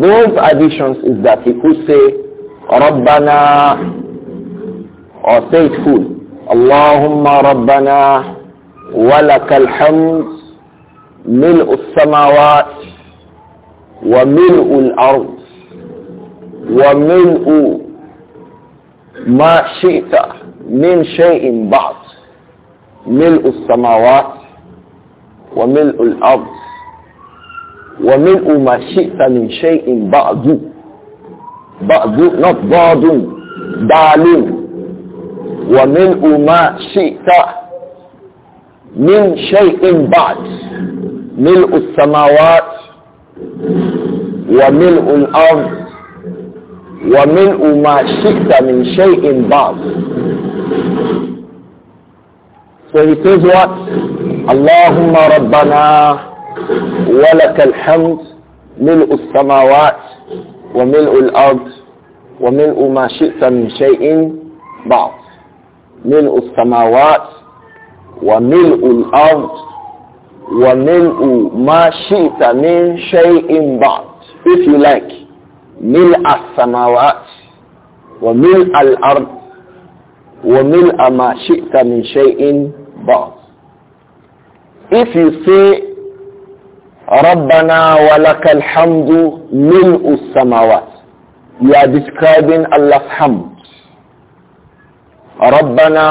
those additions is that he could say, Rabbana, or say full. Allahumma Rabbana, walaka alhamd, mil'u samawat, wa min al-ard, wa mil'u ma shi'ta min shay'in ba ملء السماوات وملء الأرض وملء ما شئت من شيء بعد بعد not بعد بعد وملء ما شئت من شيء بعد ملء السماوات وملء الأرض وملء ما شئت من شيء بعد So he says what? Allahumma rabbana ولك الحمد ملء السماوات وملء الأرض وملء ما شئت من شيء بعض ملء السماوات وملء الأرض وملء ما شئت من شيء بعض if you like ملء السماوات وملء الأرض وَمِلْءَ مَا شِئْتَ مِنْ شَيْءٍ بَعْضٍ If you say, رَبَّنَا وَلَكَ الْحَمْدُ مِلْءُ السَّمَاوَاتِ You are describing Allah's hamd. رَبَّنَا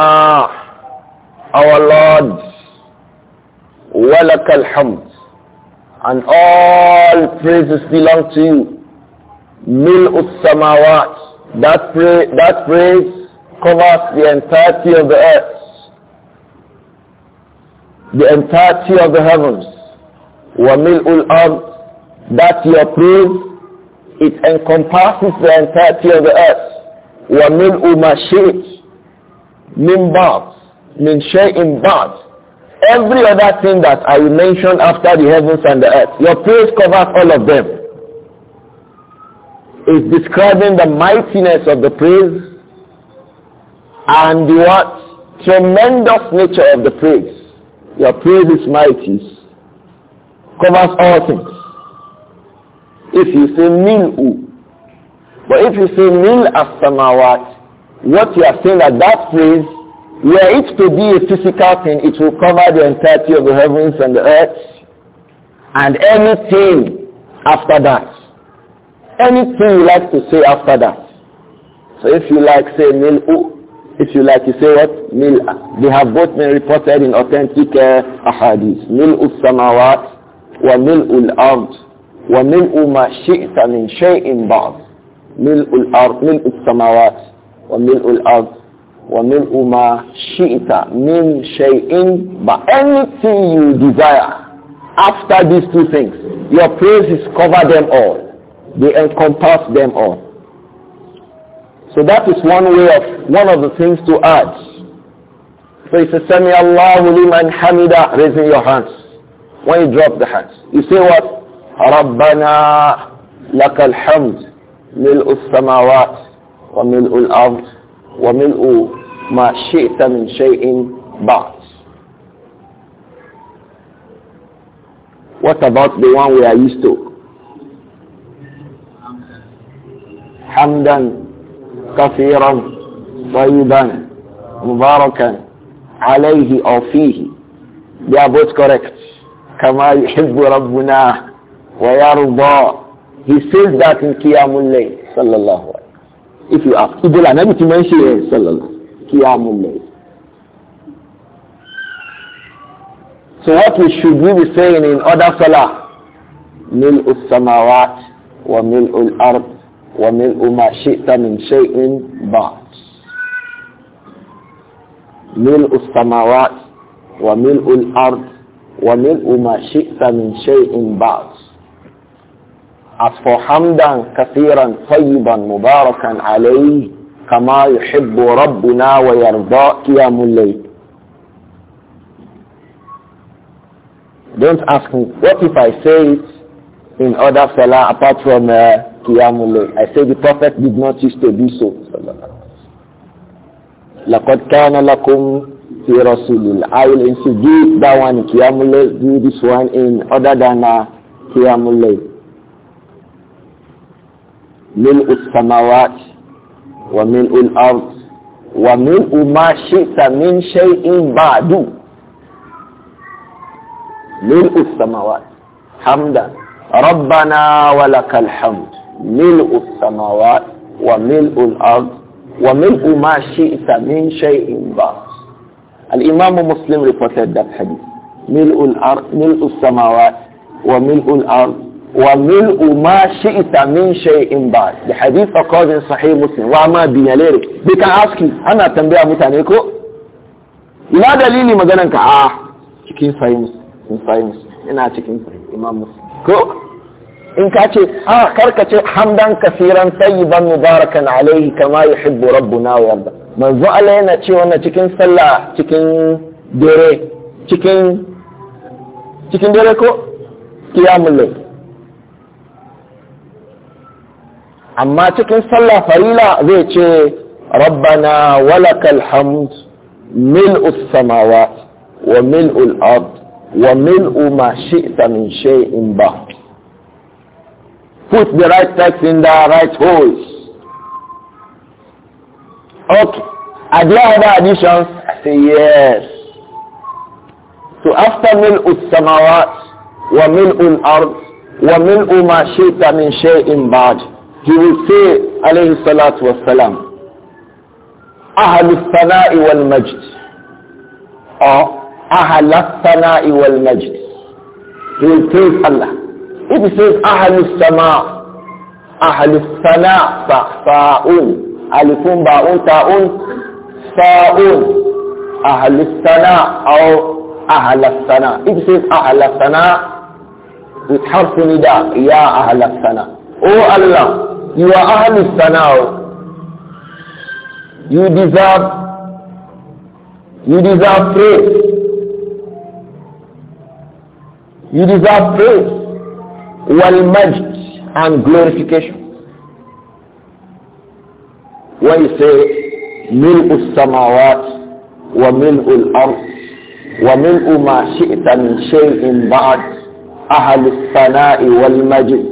Our Lord وَلَكَ الْحَمْدُ And all praises belong to you. مِلْءُ السَّمَاوَاتِ That, pra that praise covers the entirety of the earth, the entirety of the heavens. وَمِلْءُ الْأَرْضِ That you approve, it encompasses the entirety of the earth. وَمِلْءُ مَا شِئْتَ مِنْ بَعْضٍ مِنْ شَيْءٍ Every other thing that I will mention after the heavens and the earth, your praise covers all of them. It's describing the mightiness of the praise and the what? Tremendous nature of the praise. Your praise is mighty. Covers all things. If you say mil'u, but if you say mil astamawat, what you are saying that that praise, were it to be a physical thing, it will cover the entirety of the heavens and the earth and anything after that. Anything you like to say after that. So if you like say mil'u, if you like, you say what? they have both been reported in authentic uh, ahadith. Mil'u samawat wa mil'u al-ard wa mil'u ma shi'ta min shay'in ba'd. Mil'u al-ard, mil'u samawat wa mil'u al-ard wa mil'u ma shi'ta min shay'in ba'd. Anything you desire after these two things, your praise is cover them all. They encompass them all. So that is one way of one of the things to add. So you say Sami Allahu liman hamida raising your hands. When you drop the hands, you say what? ربنا لك الحمد ملء السماوات وملء الأرض وملء ما شئت من شيء بعد. What about the one we are used to? Hamdan." كثيرا طيبا مباركا عليه أو فيه they are both correct كما يحب ربنا ويرضى he says that in قيام الليل صلى الله عليه وسلم if you ask إذا لا نبي تمنشي صلى الله قيام الليل So what we should be saying in other salah? ملء السماوات وملء الأرض ومن ما شئت من شيء بعد ملء السماوات وملء الأرض وملء ما شئت من شيء بعد أصفو حمدا كثيرا طيبا مباركا عليه كما يحب ربنا ويرضى قيام الليل Don't ask me, what if I say it in other salah apart from uh, I say the Prophet did not used to do so. لَقَدْ كَانَ لَكُمْ في رسول I will introduce that one in do this one in other than uh, Qiyamul Layl. ملء السماوات وملء الأرض وملء ما شئت من شيء بعد ملء السماوات حمدا ربنا ولك الحمد ملء السماوات وملء الأرض وملء ما شئت من شيء بعد الإمام مسلم reported that hadith ملء الأرض ملء السماوات وملء الأرض وملء ما شئت من شيء بعد الحديث hadith صحيح مسلم Sahih Muslim وما بيناليري they can ask أنا تنبيع متانيكو لا دليل مجانا كعاه مسلم صحيح مسلم أنا شكين صحيح إمام مسلم كو in ka ce a karka ce hamdan kasiran tayyiban mubarakan alaihi kama yuhibbu rabbuna wa yarda manzo Allah yana ce wannan cikin sallah cikin dare cikin cikin dare ko qiyamul layl amma cikin sallah farila zai ce rabbana walakal hamd mil'us samawat wa mil'ul ard wa mil'u ma shi'ta min shay'in ba Put the right text in the right holes. Okay. Are there other additions? I say yes. So after ملء السماوات وملء الأرض وملء ما شئت من شيء بعد he will say "Alayhi salatu Ahal al الصلاة wal majd. الثناء ahal al أهل wal majd. he will praise Allah If it says Ahlus Sama, Ahlus Sana, Fa'un, Alifun, Ba'un, Ta'un, Fa'un, Ahlus Sana, or Ahlus Sana. If it says Ahlus Sana, to be nida, Ya Ahlus Sana. Oh Allah, you are Ahlus Sana. You deserve, you deserve praise. You deserve praise. والمجد and glorification. When you say ملء السماوات وملء الأرض وملء ما شئت من شيء بعد أهل الثناء والمجد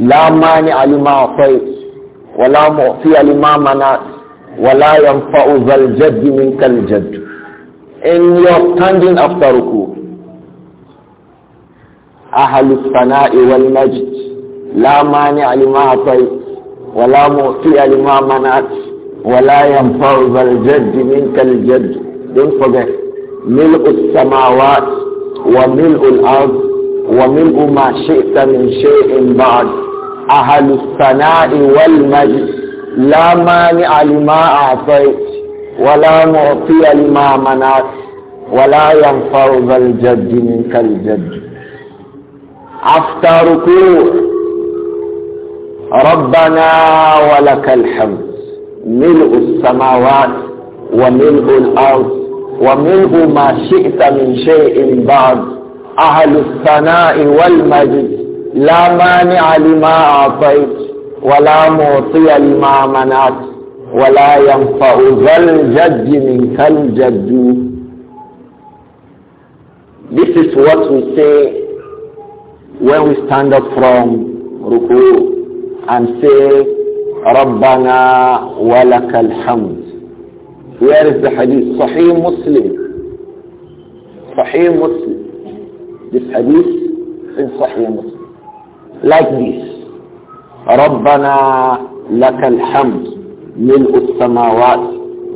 لا مانع لما أعطيت ولا معطي لما منعت ولا ينفع ذا الجد منك الجد. In your standing after ركوع أهل الثناء والمجد لا مانع لما أعطيت ولا معطي لما منعت ولا ينفع ذا الجد منك الجد don't forget ملء السماوات وملء الأرض وملء ما شئت من شيء بعد أهل الثناء والمجد لا مانع لما أعطيت ولا معطي لما منعت ولا ينفع ذا الجد منك الجد after ربنا ولك الحمد ملء السماوات وملء الأرض ومنه ما شئت من شيء بعد أهل الثناء والمجد لا مانع لما أعطيت ولا معطي لما منعت ولا ينفع ذا الجد منك الجد This is what we say when we stand up from ruku and say ربنا ولك الحمد Where is the hadith? Sahih Muslim. Sahih Muslim. This hadith in Sahih Muslim. Like this. ربنا لك الحمد ملء السماوات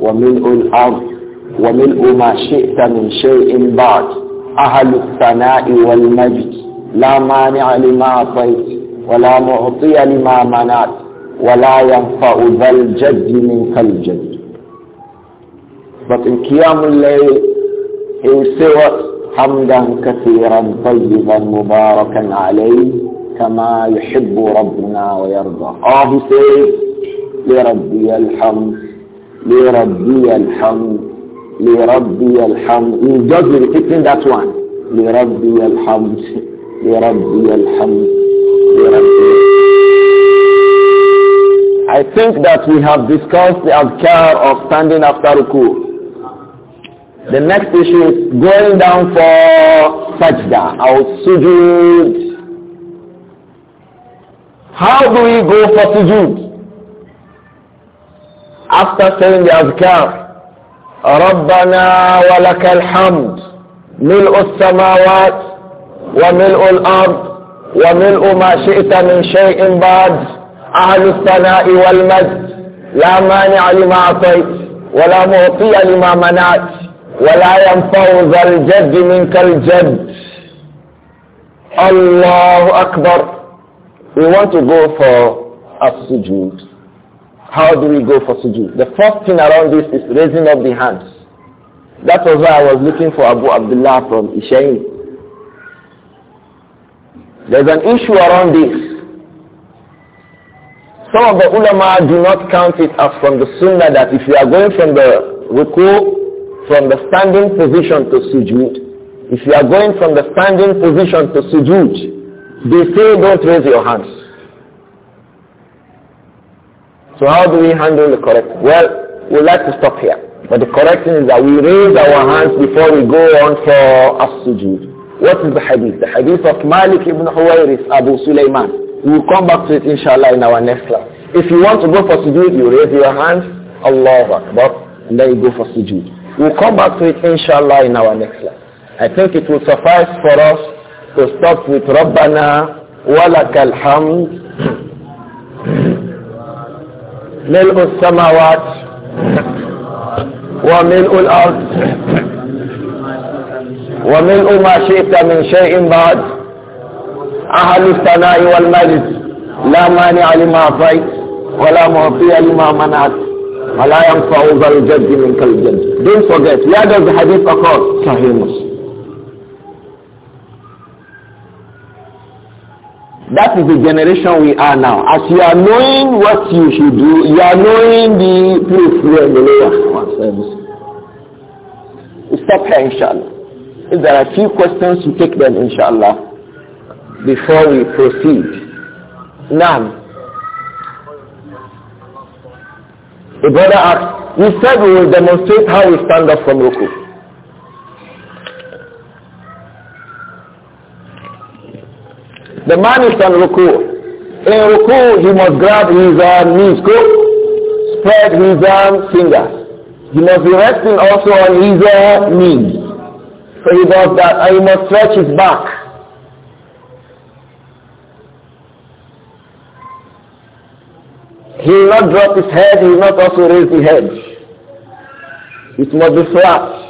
وملء الأرض وملء ما شئت من شيء بعد أهل الثناء والمجد لا مانع لما أعطيت ولا معطي لما منعت ولا ينفع ذا الجد منك الجد But in الليل إن سوى he will say what? حمدا كثيرا طيبا مباركا عليه كما يحب ربنا ويرضى. آه he says, لربي الحمد لربي الحمد لربي الحمد. He just repeating that one. لربي الحمد. لربي الحمد لربي I think that we have discussed the adhkar of standing after ruku. The next issue is going down for sajda or sujood. How do we go for sujood? After saying the azkar, ربنا ولك الحمد ملء السماوات وملء الأرض وملء ما شئت من شيء بعد أهل الثناء والمجد لا مانع لما أعطيت ولا معطي لما منعت ولا ينفع ذا الجد منك الجد الله أكبر We want to go for a sujood. How do we go for sujood? The first thing around this is raising up the hands. That was why I was looking for Abu Abdullah from Ishaim. There's an issue around this. Some of the ulama do not count it as from the sunnah that if you are going from the ruku, from the standing position to sujood, if you are going from the standing position to sujood, they say don't raise your hands. So how do we handle the correct? Well, we'd like to stop here. But the correct thing is that we raise our hands before we go on for as-sujood. What is the hadith? The hadith of Malik ibn Huwairis, Abu Sulaiman. We will come back to it inshallah in our next class. If you want to go for sujood, you raise your hands, Allah Akbar, and then you go for sujood. We'll come back to it inshallah in our next class. I think it will suffice for us to stop with Rabbana walakal hamd. ملء السماوات وملء الأرض ومن ما شئت من شيء بعد أهل الثناء والمجد لا مانع لما أعطيت ولا معطي لما منعت ولا ينفع ذا الجد منك الجد don't forget where does the hadith occur Sahih Muslim That is the generation we are now. As you are knowing what you should do, you are knowing the proof. place where the Lord wants. Stop here, inshallah. If there are a few questions, to take them, inshallah, before we proceed. Now, the brother asked, we said we will demonstrate how we stand up from Ruku. The man is on Ruku. In Ruku, he must grab his uh, knees, go, spread his arm, um, fingers. He must be resting also on his uh, knees. So he does that and he must stretch his back. He will not drop his head, he will not also raise the head. It must be flat.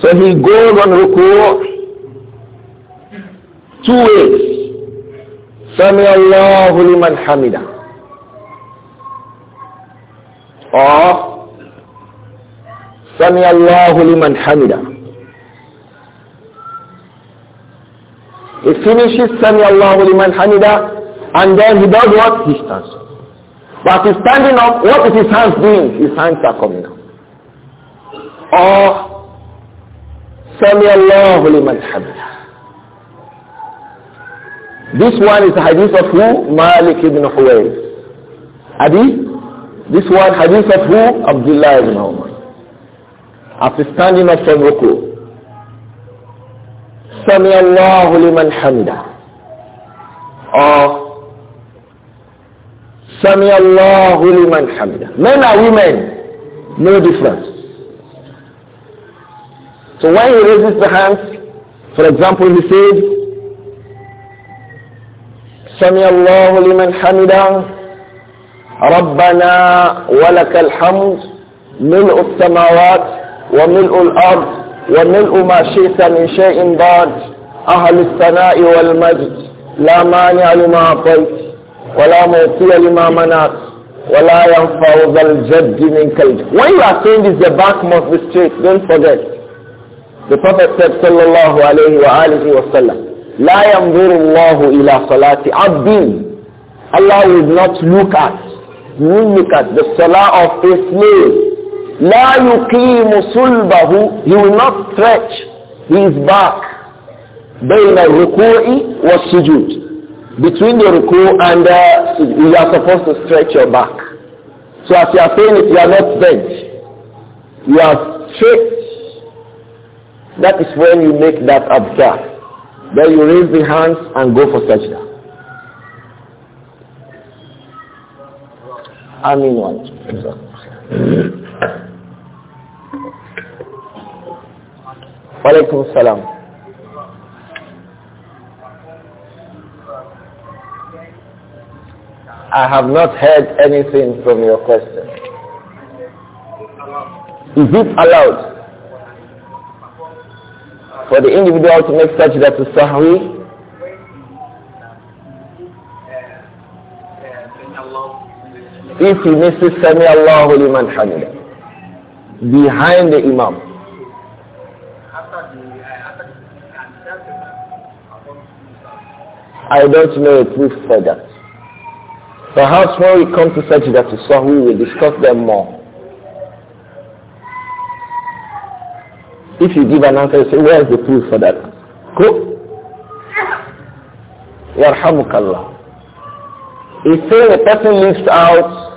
So he goes on ruku two ways. Sami Allahu liman hamida. Or Sami Allahu liman hamida. He finishes Sami Allahu liman hamida and then he does what? He stands up. But he's standing up, what is his hands doing? His hands are coming up. Or Sami Allahu liman hamida. This one is the hadith of who? Malik ibn Huwayr. Hadith? This one hadith of who? Abdullah ibn Umar. after standing up from ruku sami الله لمن حمده or sami الله لمن حمده men are women no difference so when he raises the hands for example he says سمع الله لمن حمده ربنا ولك الحمد ملء السماوات وملء الأرض وملء ما شئت من شيء ضاد أهل الثناء والمجد لا مانع لما أعطيت ولا موطي لما منعت ولا ينفع ذا الجد من الجد When you are saying this, the back must be straight. Don't forget. The Prophet said صلى الله عليه وآله وسلم لا ينظر الله إلى صلاة عبد Allah will not look at, will look at the salah of a slave. La yuqimu sulbahu, he will not stretch his back ruku'i الركوع sujud. between the ruku and the, you are supposed to stretch your back so as you are saying it you are not bent you are straight that is when you make that abdar then you raise the hands and go for sajda I mean one Walaikum I have not heard anything from your question. Is it allowed for the individual to make such that to sahwi? If he misses Sami Allahu liman hamidah behind the imam. I don't know a proof for that. Perhaps when we come to such that Sahwi, we'll discuss them more. If you give an answer, say, where is the proof for that? Go. Yarhamukallah. If a person leaves out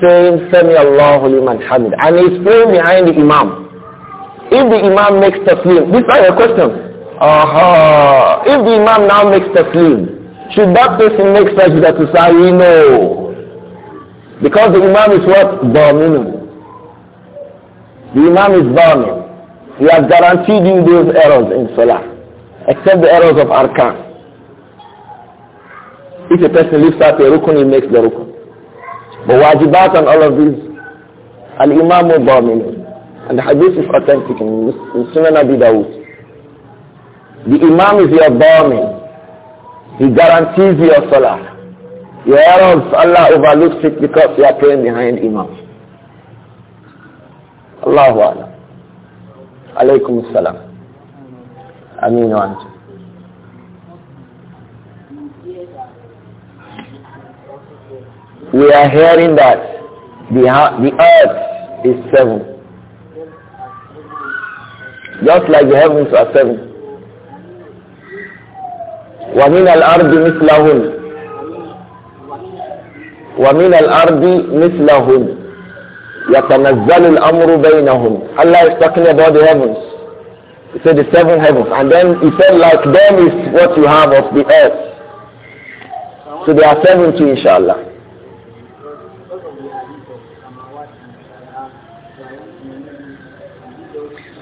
saying Sami Allahu liman hamid and he's praying behind the Imam. If the Imam makes taslim, this is your question. Aha. If the Imam now makes taslim, should that person make sajda to Sahi? No. Because the Imam is what? Domino. The Imam is Domino. He has guaranteed you those errors in Salah. Except the errors of Arkan. If a person lifts up a rukun, he makes the rukun. But wajibat and all of these, al-imam al And the hadith is authentic in, in Sunan Abi Dawud. The imam is your bamin. He guarantees your salah. Your errors, Allah overlooks it because you are praying behind imam. Allahu Akbar. Alaykum as-salam. Ameen wa we are hearing that the, the earth is seven. Just like the heavens are seven. وَمِنَ الْأَرْضِ مِثْلَهُمْ وَمِنَ الْأَرْضِ مِثْلَهُمْ يَتَنَزَّلُ الْأَمْرُ بَيْنَهُمْ Allah is talking about the heavens. He said the seven heavens. And then he said like them is what you have of the earth. So there are seven, too, inshallah.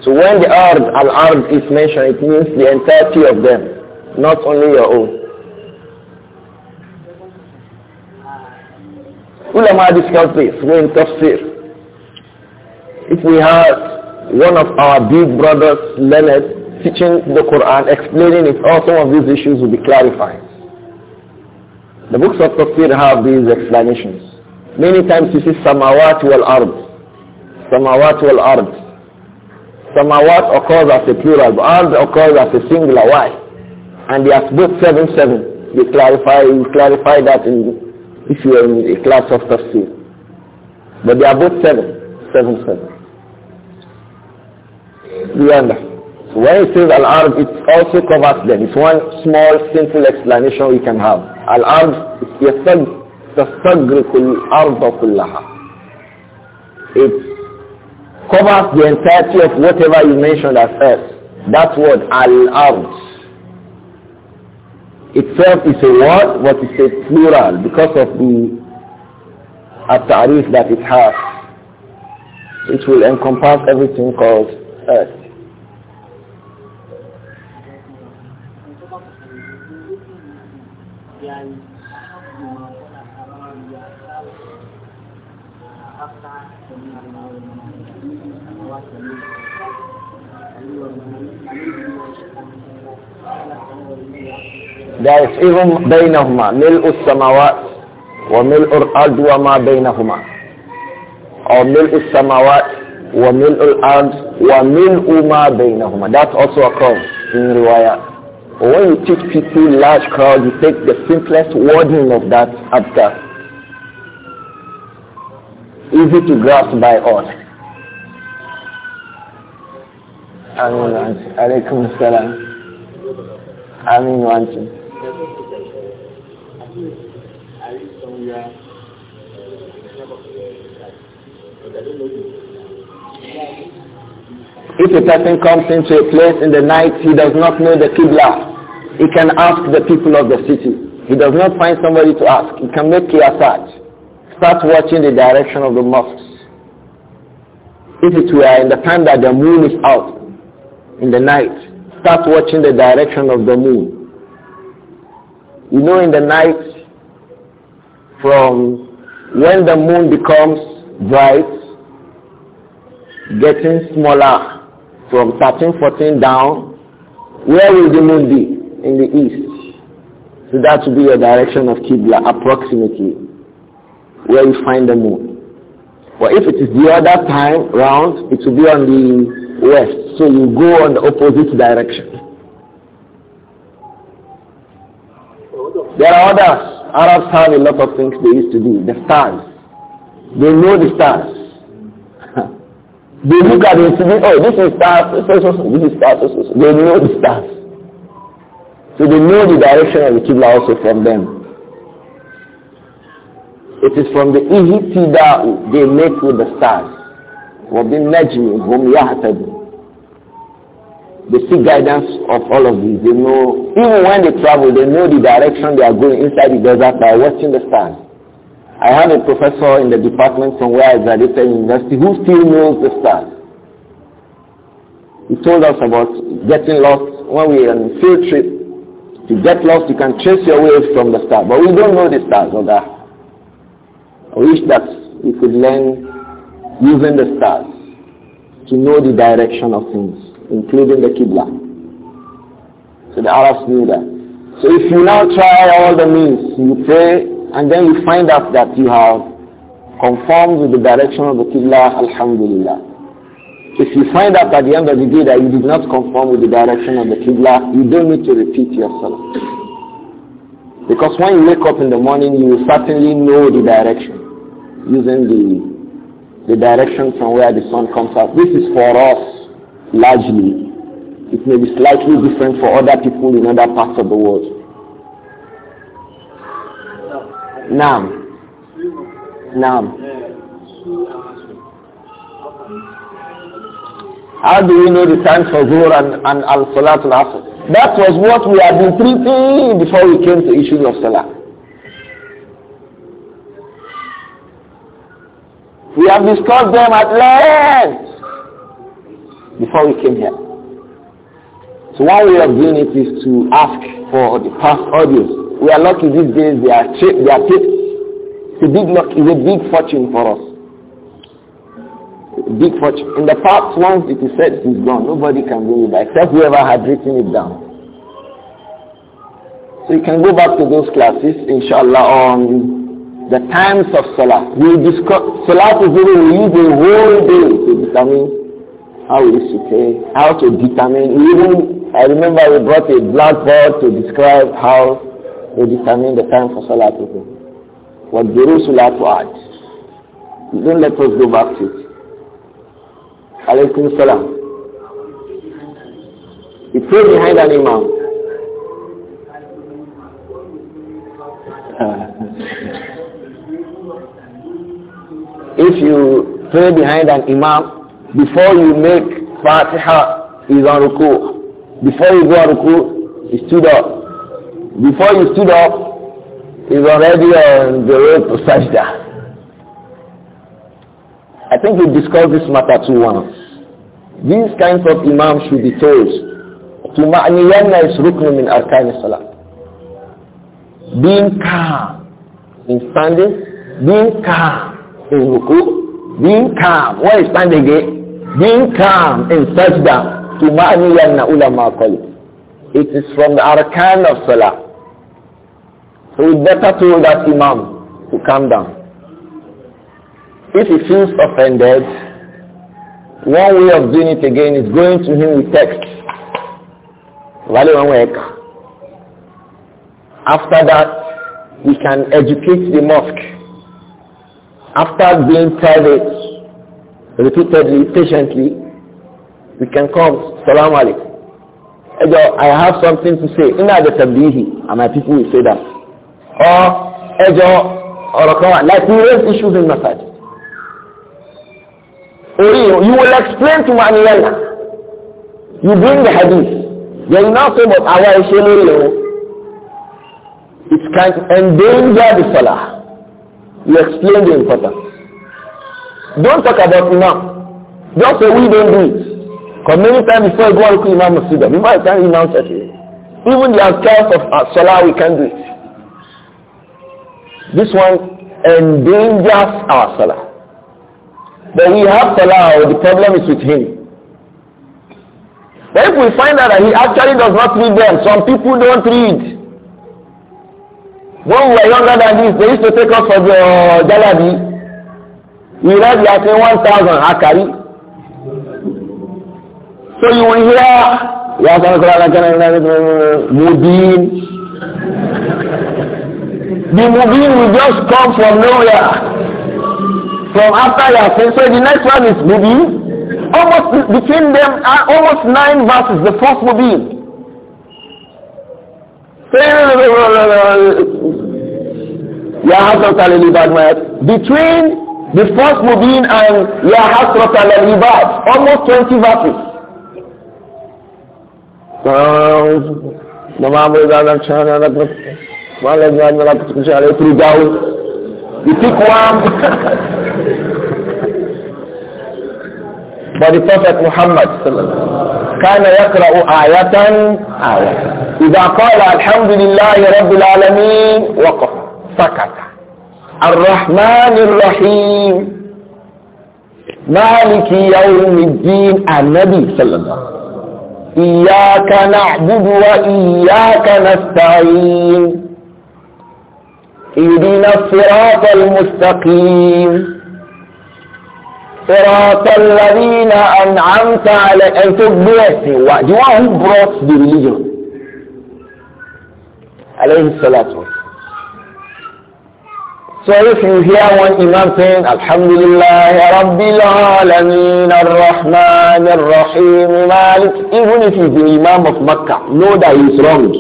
So when the ard, al-ard is mentioned, it means the entirety of them, not only your own. Ulama discuss this when tafsir. If we had one of our big brothers, Leonard, teaching the Quran, explaining it, all some of these issues will be clarified. The books of tafsir have these explanations. Many times you see samawat wal ard. Samawat wal ard Samawat occurs as a plural, but ard occurs as a singular. Why? And they are both seven seven. They clarify you clarify that in if you are in a class of tafsir. But they are both seven-seven-seven. Seven You understand? So when it says al arb it also covers them. It's one small, simple explanation we can have. al the يستغرق الأرض كلها. It's covers the entirety of whatever you mentioned as earth. That word, al-ard, itself is a word, but it's a plural because of the at-tarif that it has. It will encompass everything called earth. guys ihum bainahuma mil'u samawat wa mil'u al-ard wa ma bainahuma aw mil'u samawat wa mil'u al-ard wa mil'u ma bainahuma That also a crowd in riwaya when you teach people large crowds, you take the simplest wording of that after easy to grasp by all I mean, I mean, I mean, I mean. If a person comes into a place in the night, he does not know the Qibla. He can ask the people of the city. He does not find somebody to ask. He can make qiyasat. Start watching the direction of the mosques. If it were in the time that the moon is out, in the night, start watching the direction of the moon. You know in the night, from when the moon becomes bright, getting smaller from 13, 14 down, where will the moon be? In the east. So that will be your direction of Qibla, approximately, where you find the moon. But if it is the other time round, it will be on the west. So you go on the opposite direction. There are others. Arabs have a lot of things they used to do. The stars. They know the stars. <laughs> they look at the and oh, this is stars, this is, this is stars, this is. They know the stars. So they know the direction of the Qibla also from them. It is from the Ihitida'u they make with the stars. وَبِالنَّجْمِ هُمْ يَهْتَدُونَ they see guidance of all of these. They know, even when they travel, they know the direction they are going inside the desert by watching the stars. I have a professor in the department from where I graduated university who still knows the stars. He told us about getting lost when we are on field trip. To get lost, you can trace your way from the stars, but we don't know the stars or that. I wish that we could learn using the stars to know the direction of things including the Qibla. So the Arabs knew that. So if you now try all the means, you pray, and then you find out that you have conformed with the direction of the Qibla, Alhamdulillah. If you find out at the end of the day that you did not conform with the direction of the Qibla, you don't need to repeat your salah. Because when you wake up in the morning, you will certainly know the direction using the, the direction from where the sun comes out. This is for us largely. It may be slightly different for other people in other parts of the world. Nam. Nam. How do we know the times for Zuhr and, and Al-Salatul Asr? That was what we had been preaching before we came to issue of Salah. We have discussed them at length before we came here. So one way of doing it is to ask for the past audios. We are lucky these days they are cheap, they are taped. It's a big luck, it's a big fortune for us. big fortune. In the past once it is said it is gone. Nobody can bring it back except whoever had written it down. So you can go back to those classes, inshallah, on the times of Salah. We discuss, Salah is we use the whole day to determine how we used to how to determine, even, I remember we brought a blackboard to describe how we determine the time for Salah to go. What Jerusalem to add. Don't let us go back to it. Alaykum Salam. He pray behind an imam. <laughs> if you pray behind an imam, before you make Fatiha, is on ruku. Before you go on ruku, you stood up. Before you stood up, he's already on the road to sajda. I think we discussed this matter too once. These kinds of imams should be told, Tuma'niyanna is rukn min arkani salah. Being calm in standing, being calm in ruku, being calm when stand again, being calm in sajda, tuma'aniyanna ulama qalib. It is from the arkan of salah. So we better told that imam to calm down. If he feels offended, one way of doing it again is going to him with text. After that, we can educate the mosque. After being private, repeatedly, patiently, we can come, salam alaikum. I have something to say. Inna the tablihi, and my people will say that. Or, Ejo, or Rakawa, like we raise issues in massage. Or you will explain to Maniyala. You bring the hadith. Then you not say, but our Ishelele, it can endanger the salah. You explain the importance. Don't talk about Imam. Just say we don't do it. Because many times before you go and Imam Masjid, before you can Imam Shafi, even the affairs of Salah, we can do it. This one endangers our Salah. But we have Salah, oh, the problem is with him. But if we find out that he actually does not read them, some people don't read. When we were younger than this, they used to take us for the uh, Miraj has one thousand Akari. So you will hear, Ya Mudin. The Mudin will just come from nowhere. From after your Yasin. So the next one is Mudin. Almost between them are almost nine verses, the first Mudin. Between The first will Mubin and Ya Hasrat al-Ibad, almost 20 verses. You pick one. but the Prophet Muhammad كان يقرأ آية آية إذا قال الحمد لله رب العالمين وقف سكت الرحمن الرحيم مالك يوم الدين النبي صلى الله عليه وسلم إياك نعبد وإياك نستعين اهدنا الصراط المستقيم صراط الذين أنعمت على أن تبعثي وأجواه brought the عليه الصلاة والسلام So if you hear one Imam saying, Alhamdulillah, Rabbil Alameen, Ar-Rahman, Ar-Rahim, Malik, even if he's the Imam of Makkah, know that he's wrong.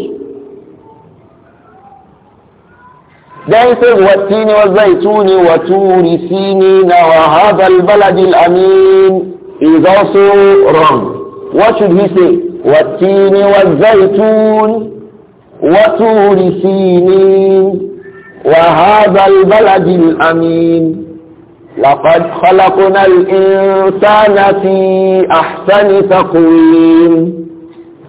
Then he says, na wa وَتُورِ al وَهَذَا al ameen is also wrong. What should he say? وَالتِّينِ وَالزَّيْتُونِ وَتُورِ سِينِينَ وهذا البلد الأمين لقد خلقنا الإنسان في أحسن تقويم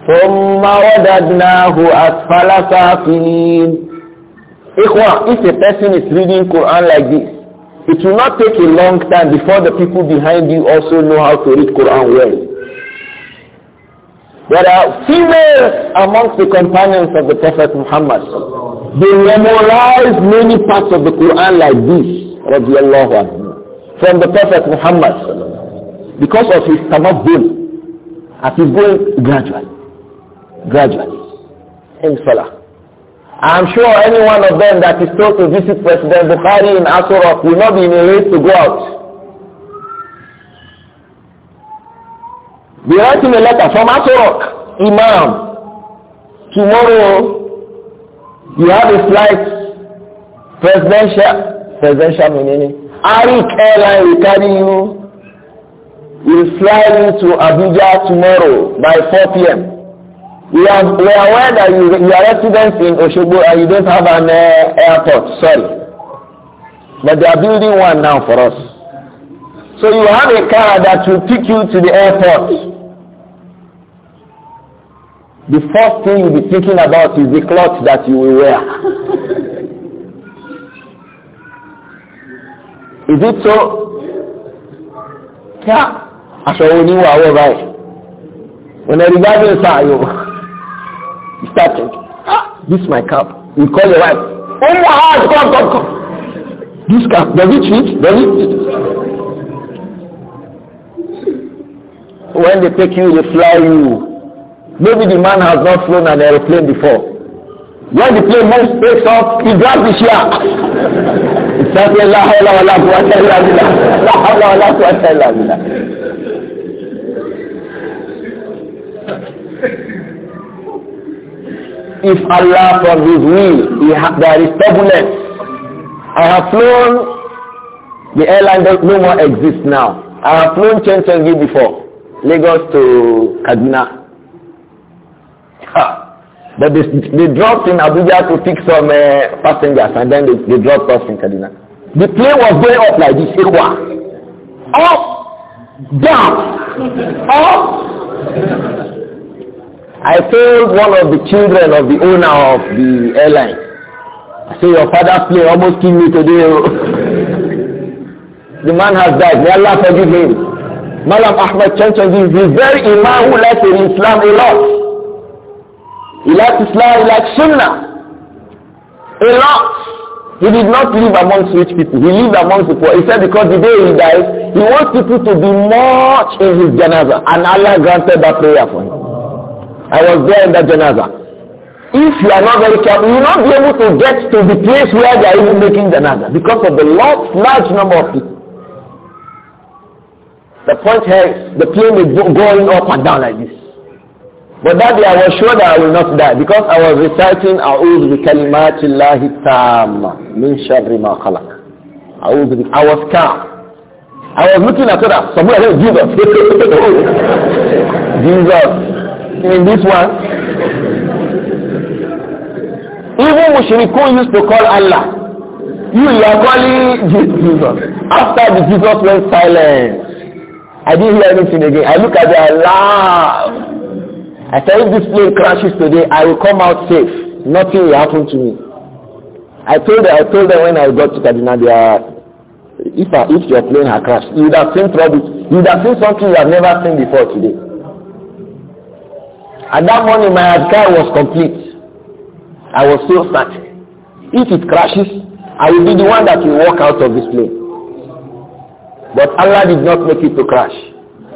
ثم رددناه أسفل سافلين Ikhwa, if a person is reading Quran like this, it will not take a long time before the people behind you also know how to read Quran well. There are female amongst the companions of the Prophet Muhammad. They memorize many parts of the Quran like this, radiallahu anhu, from the Prophet Muhammad because of his tamabbun. As he's going gradually, gradually, in Salah. I'm sure any one of them that is told to visit President Bukhari in Asura will not be in a race to go out. Be writing a letter from Atorok, Imam. Tomorrow, you have a flight, presidential, presidential meaning, Arik airline will carry you will fly you to Abuja tomorrow by 4 p.m. We are, we are aware that you, you are residents in Oshogbo and you don't have an uh, airport, sorry. But they are building one now for us. So you have a car that will pick you to the airport. The first thing you'll be thinking about is the clothes that you will wear. is it so? Yeah. Aṣọ wo ni wà wọ̀ báyìí? When I regard you, sir, you, you start thinking, ah, this my cap. You call your wife, oh my God, come, come, come. This cap, does it fit? Does it fit? when they take you, they fly you. Maybe the man has not flown an aeroplane before. When the plane most takes off, he grabs the chair. <laughs> He says, La hawla wa la quwwata illa billah. <laughs> La hawla wa la quwwata illa billah. If Allah from His will, he there is turbulence. I have flown, the airline does no more exist now. I have flown Chen before. Lagos to Kaduna. But they, they dropped in Abuja to pick some uh, passengers and then they, they dropped us in Kaduna. The plane was going up like this. Up. Down. Up. I told one of the children of the owner of the airline, I said, your father's plane almost killed me today. Oh. <laughs> the man has died. May Allah forgive him. Malam Ahmad Chanchanji is the very Imam who likes Islam a lot. He likes Islam, he likes Sunnah a lot. He did not live amongst rich people. He lived amongst the poor. He said because the day he dies, he wants people to be much in his janaza. And Allah granted that prayer for him. I was there in that janaza if you are not very careful, you will not be able to get to the place where they are even making janaza because of the large, large number of people. The point here is the plane is going up and down like this. But that day I was sure that I will not die because I was reciting A'udhu bi kalimatillahi tamma min sharri ma khalaq. A'udhu I was calm. I was looking at that. Somebody said Jesus. <laughs> Jesus. In this one. Even Mushrikun used to call Allah. You, you are calling Jesus. After the Jesus went silent. I didn't hear anything again. I look at them, I laugh. I said, if this plane crashes today, I will come out safe. Nothing will happen to me. I told them, I told them when I got to Kaduna, they are, if, if your plane had crashed, you would have seen trouble. You would have seen something you have never seen before today. At that morning, my adkar was complete. I was so certain. If it crashes, I will be the one that will walk out of this plane. But Allah did not make it to crash.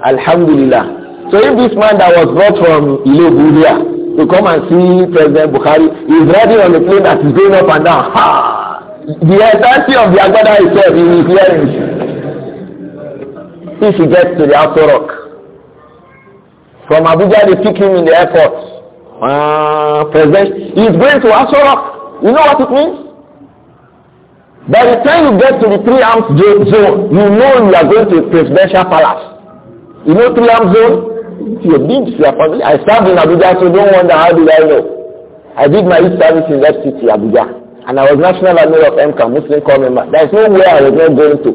Alhamdulillah. So if this man that was brought from Ilobu here to come and see President Buhari is riding on a plane that is going up and down, ha! The entirety of the Agbada itself he is hearing. If he gets to the outer rock, from Abuja they pick him in the airport. Uh, ah, president, he is going to Aso Rock. You know what it means? By the time you get to the three arms zone, you know you are going to a presidential palace. You know three arms zone? If you're big, you are familiar. I served in Abuja, so don't wonder how did I know. I did my youth service in that city, Abuja. And I was national admin of MCA, Muslim Commonwealth. There is no way I was not going to.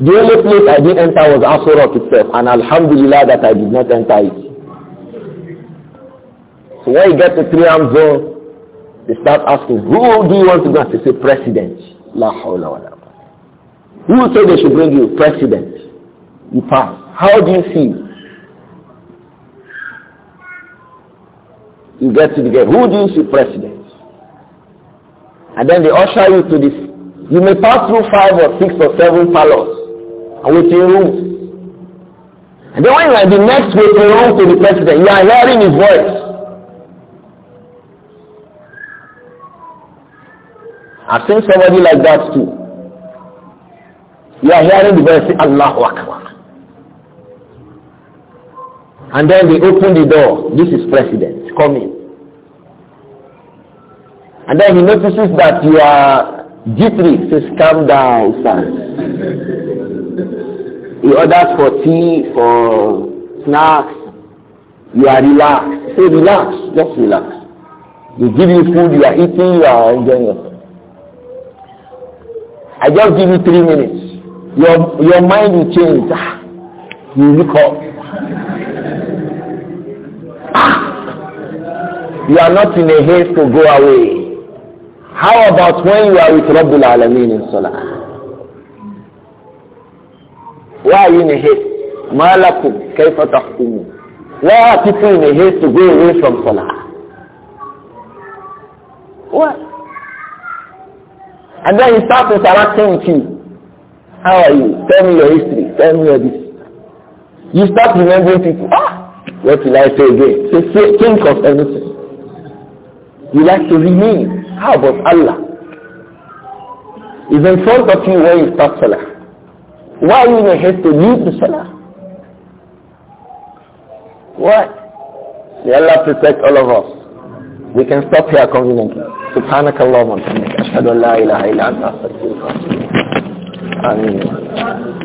The only place I did enter was Asorok itself. And alhamdulillah that I did not enter it. So when you get to three arms zone, they start asking, who do you want to go? They say, president. La hawla Who will say they should bring you? President. You pass. How do you feel? You get to the gate. Who do you see? President. And then they usher you to this. You may pass through five or six or seven palos, and waiting rooms. And then when you are the next waiting room to the president, you are hearing his voice. I've seen somebody like that too. You are hearing the verse Allahu Akbar. And then they open the door. This is president. Come in. And then he notices that you are jittery. Says, calm down, son. he orders for tea, for snacks. You are relaxed. Say, relax. Just relax. They give you food. You are eating. You are enjoying yourself. I just give you three minutes. Your your mind will change. Ah, you look up. Ah, you are not in a haste to go away. How about when you are with Rabbul Alameen in Salah? Why are you in a haste? Malakum, kaifa tahkumun. Why are people in a haste to go away from Salah? What? And then he starts interacting with you. How are you? Tell me your history. Tell me your this. You start remembering people. Ah! What will I say again? So say, think of everything. You like to remain. How about Allah? Is in front of you when you start Salah. Why you may have to leave the Salah? Why? May Allah protect all of us. We can stop here conveniently. سبحانك اللهم وبحمدك أشهد أن لا إله إلا أنت أستغفرك وأتوب إليك آمين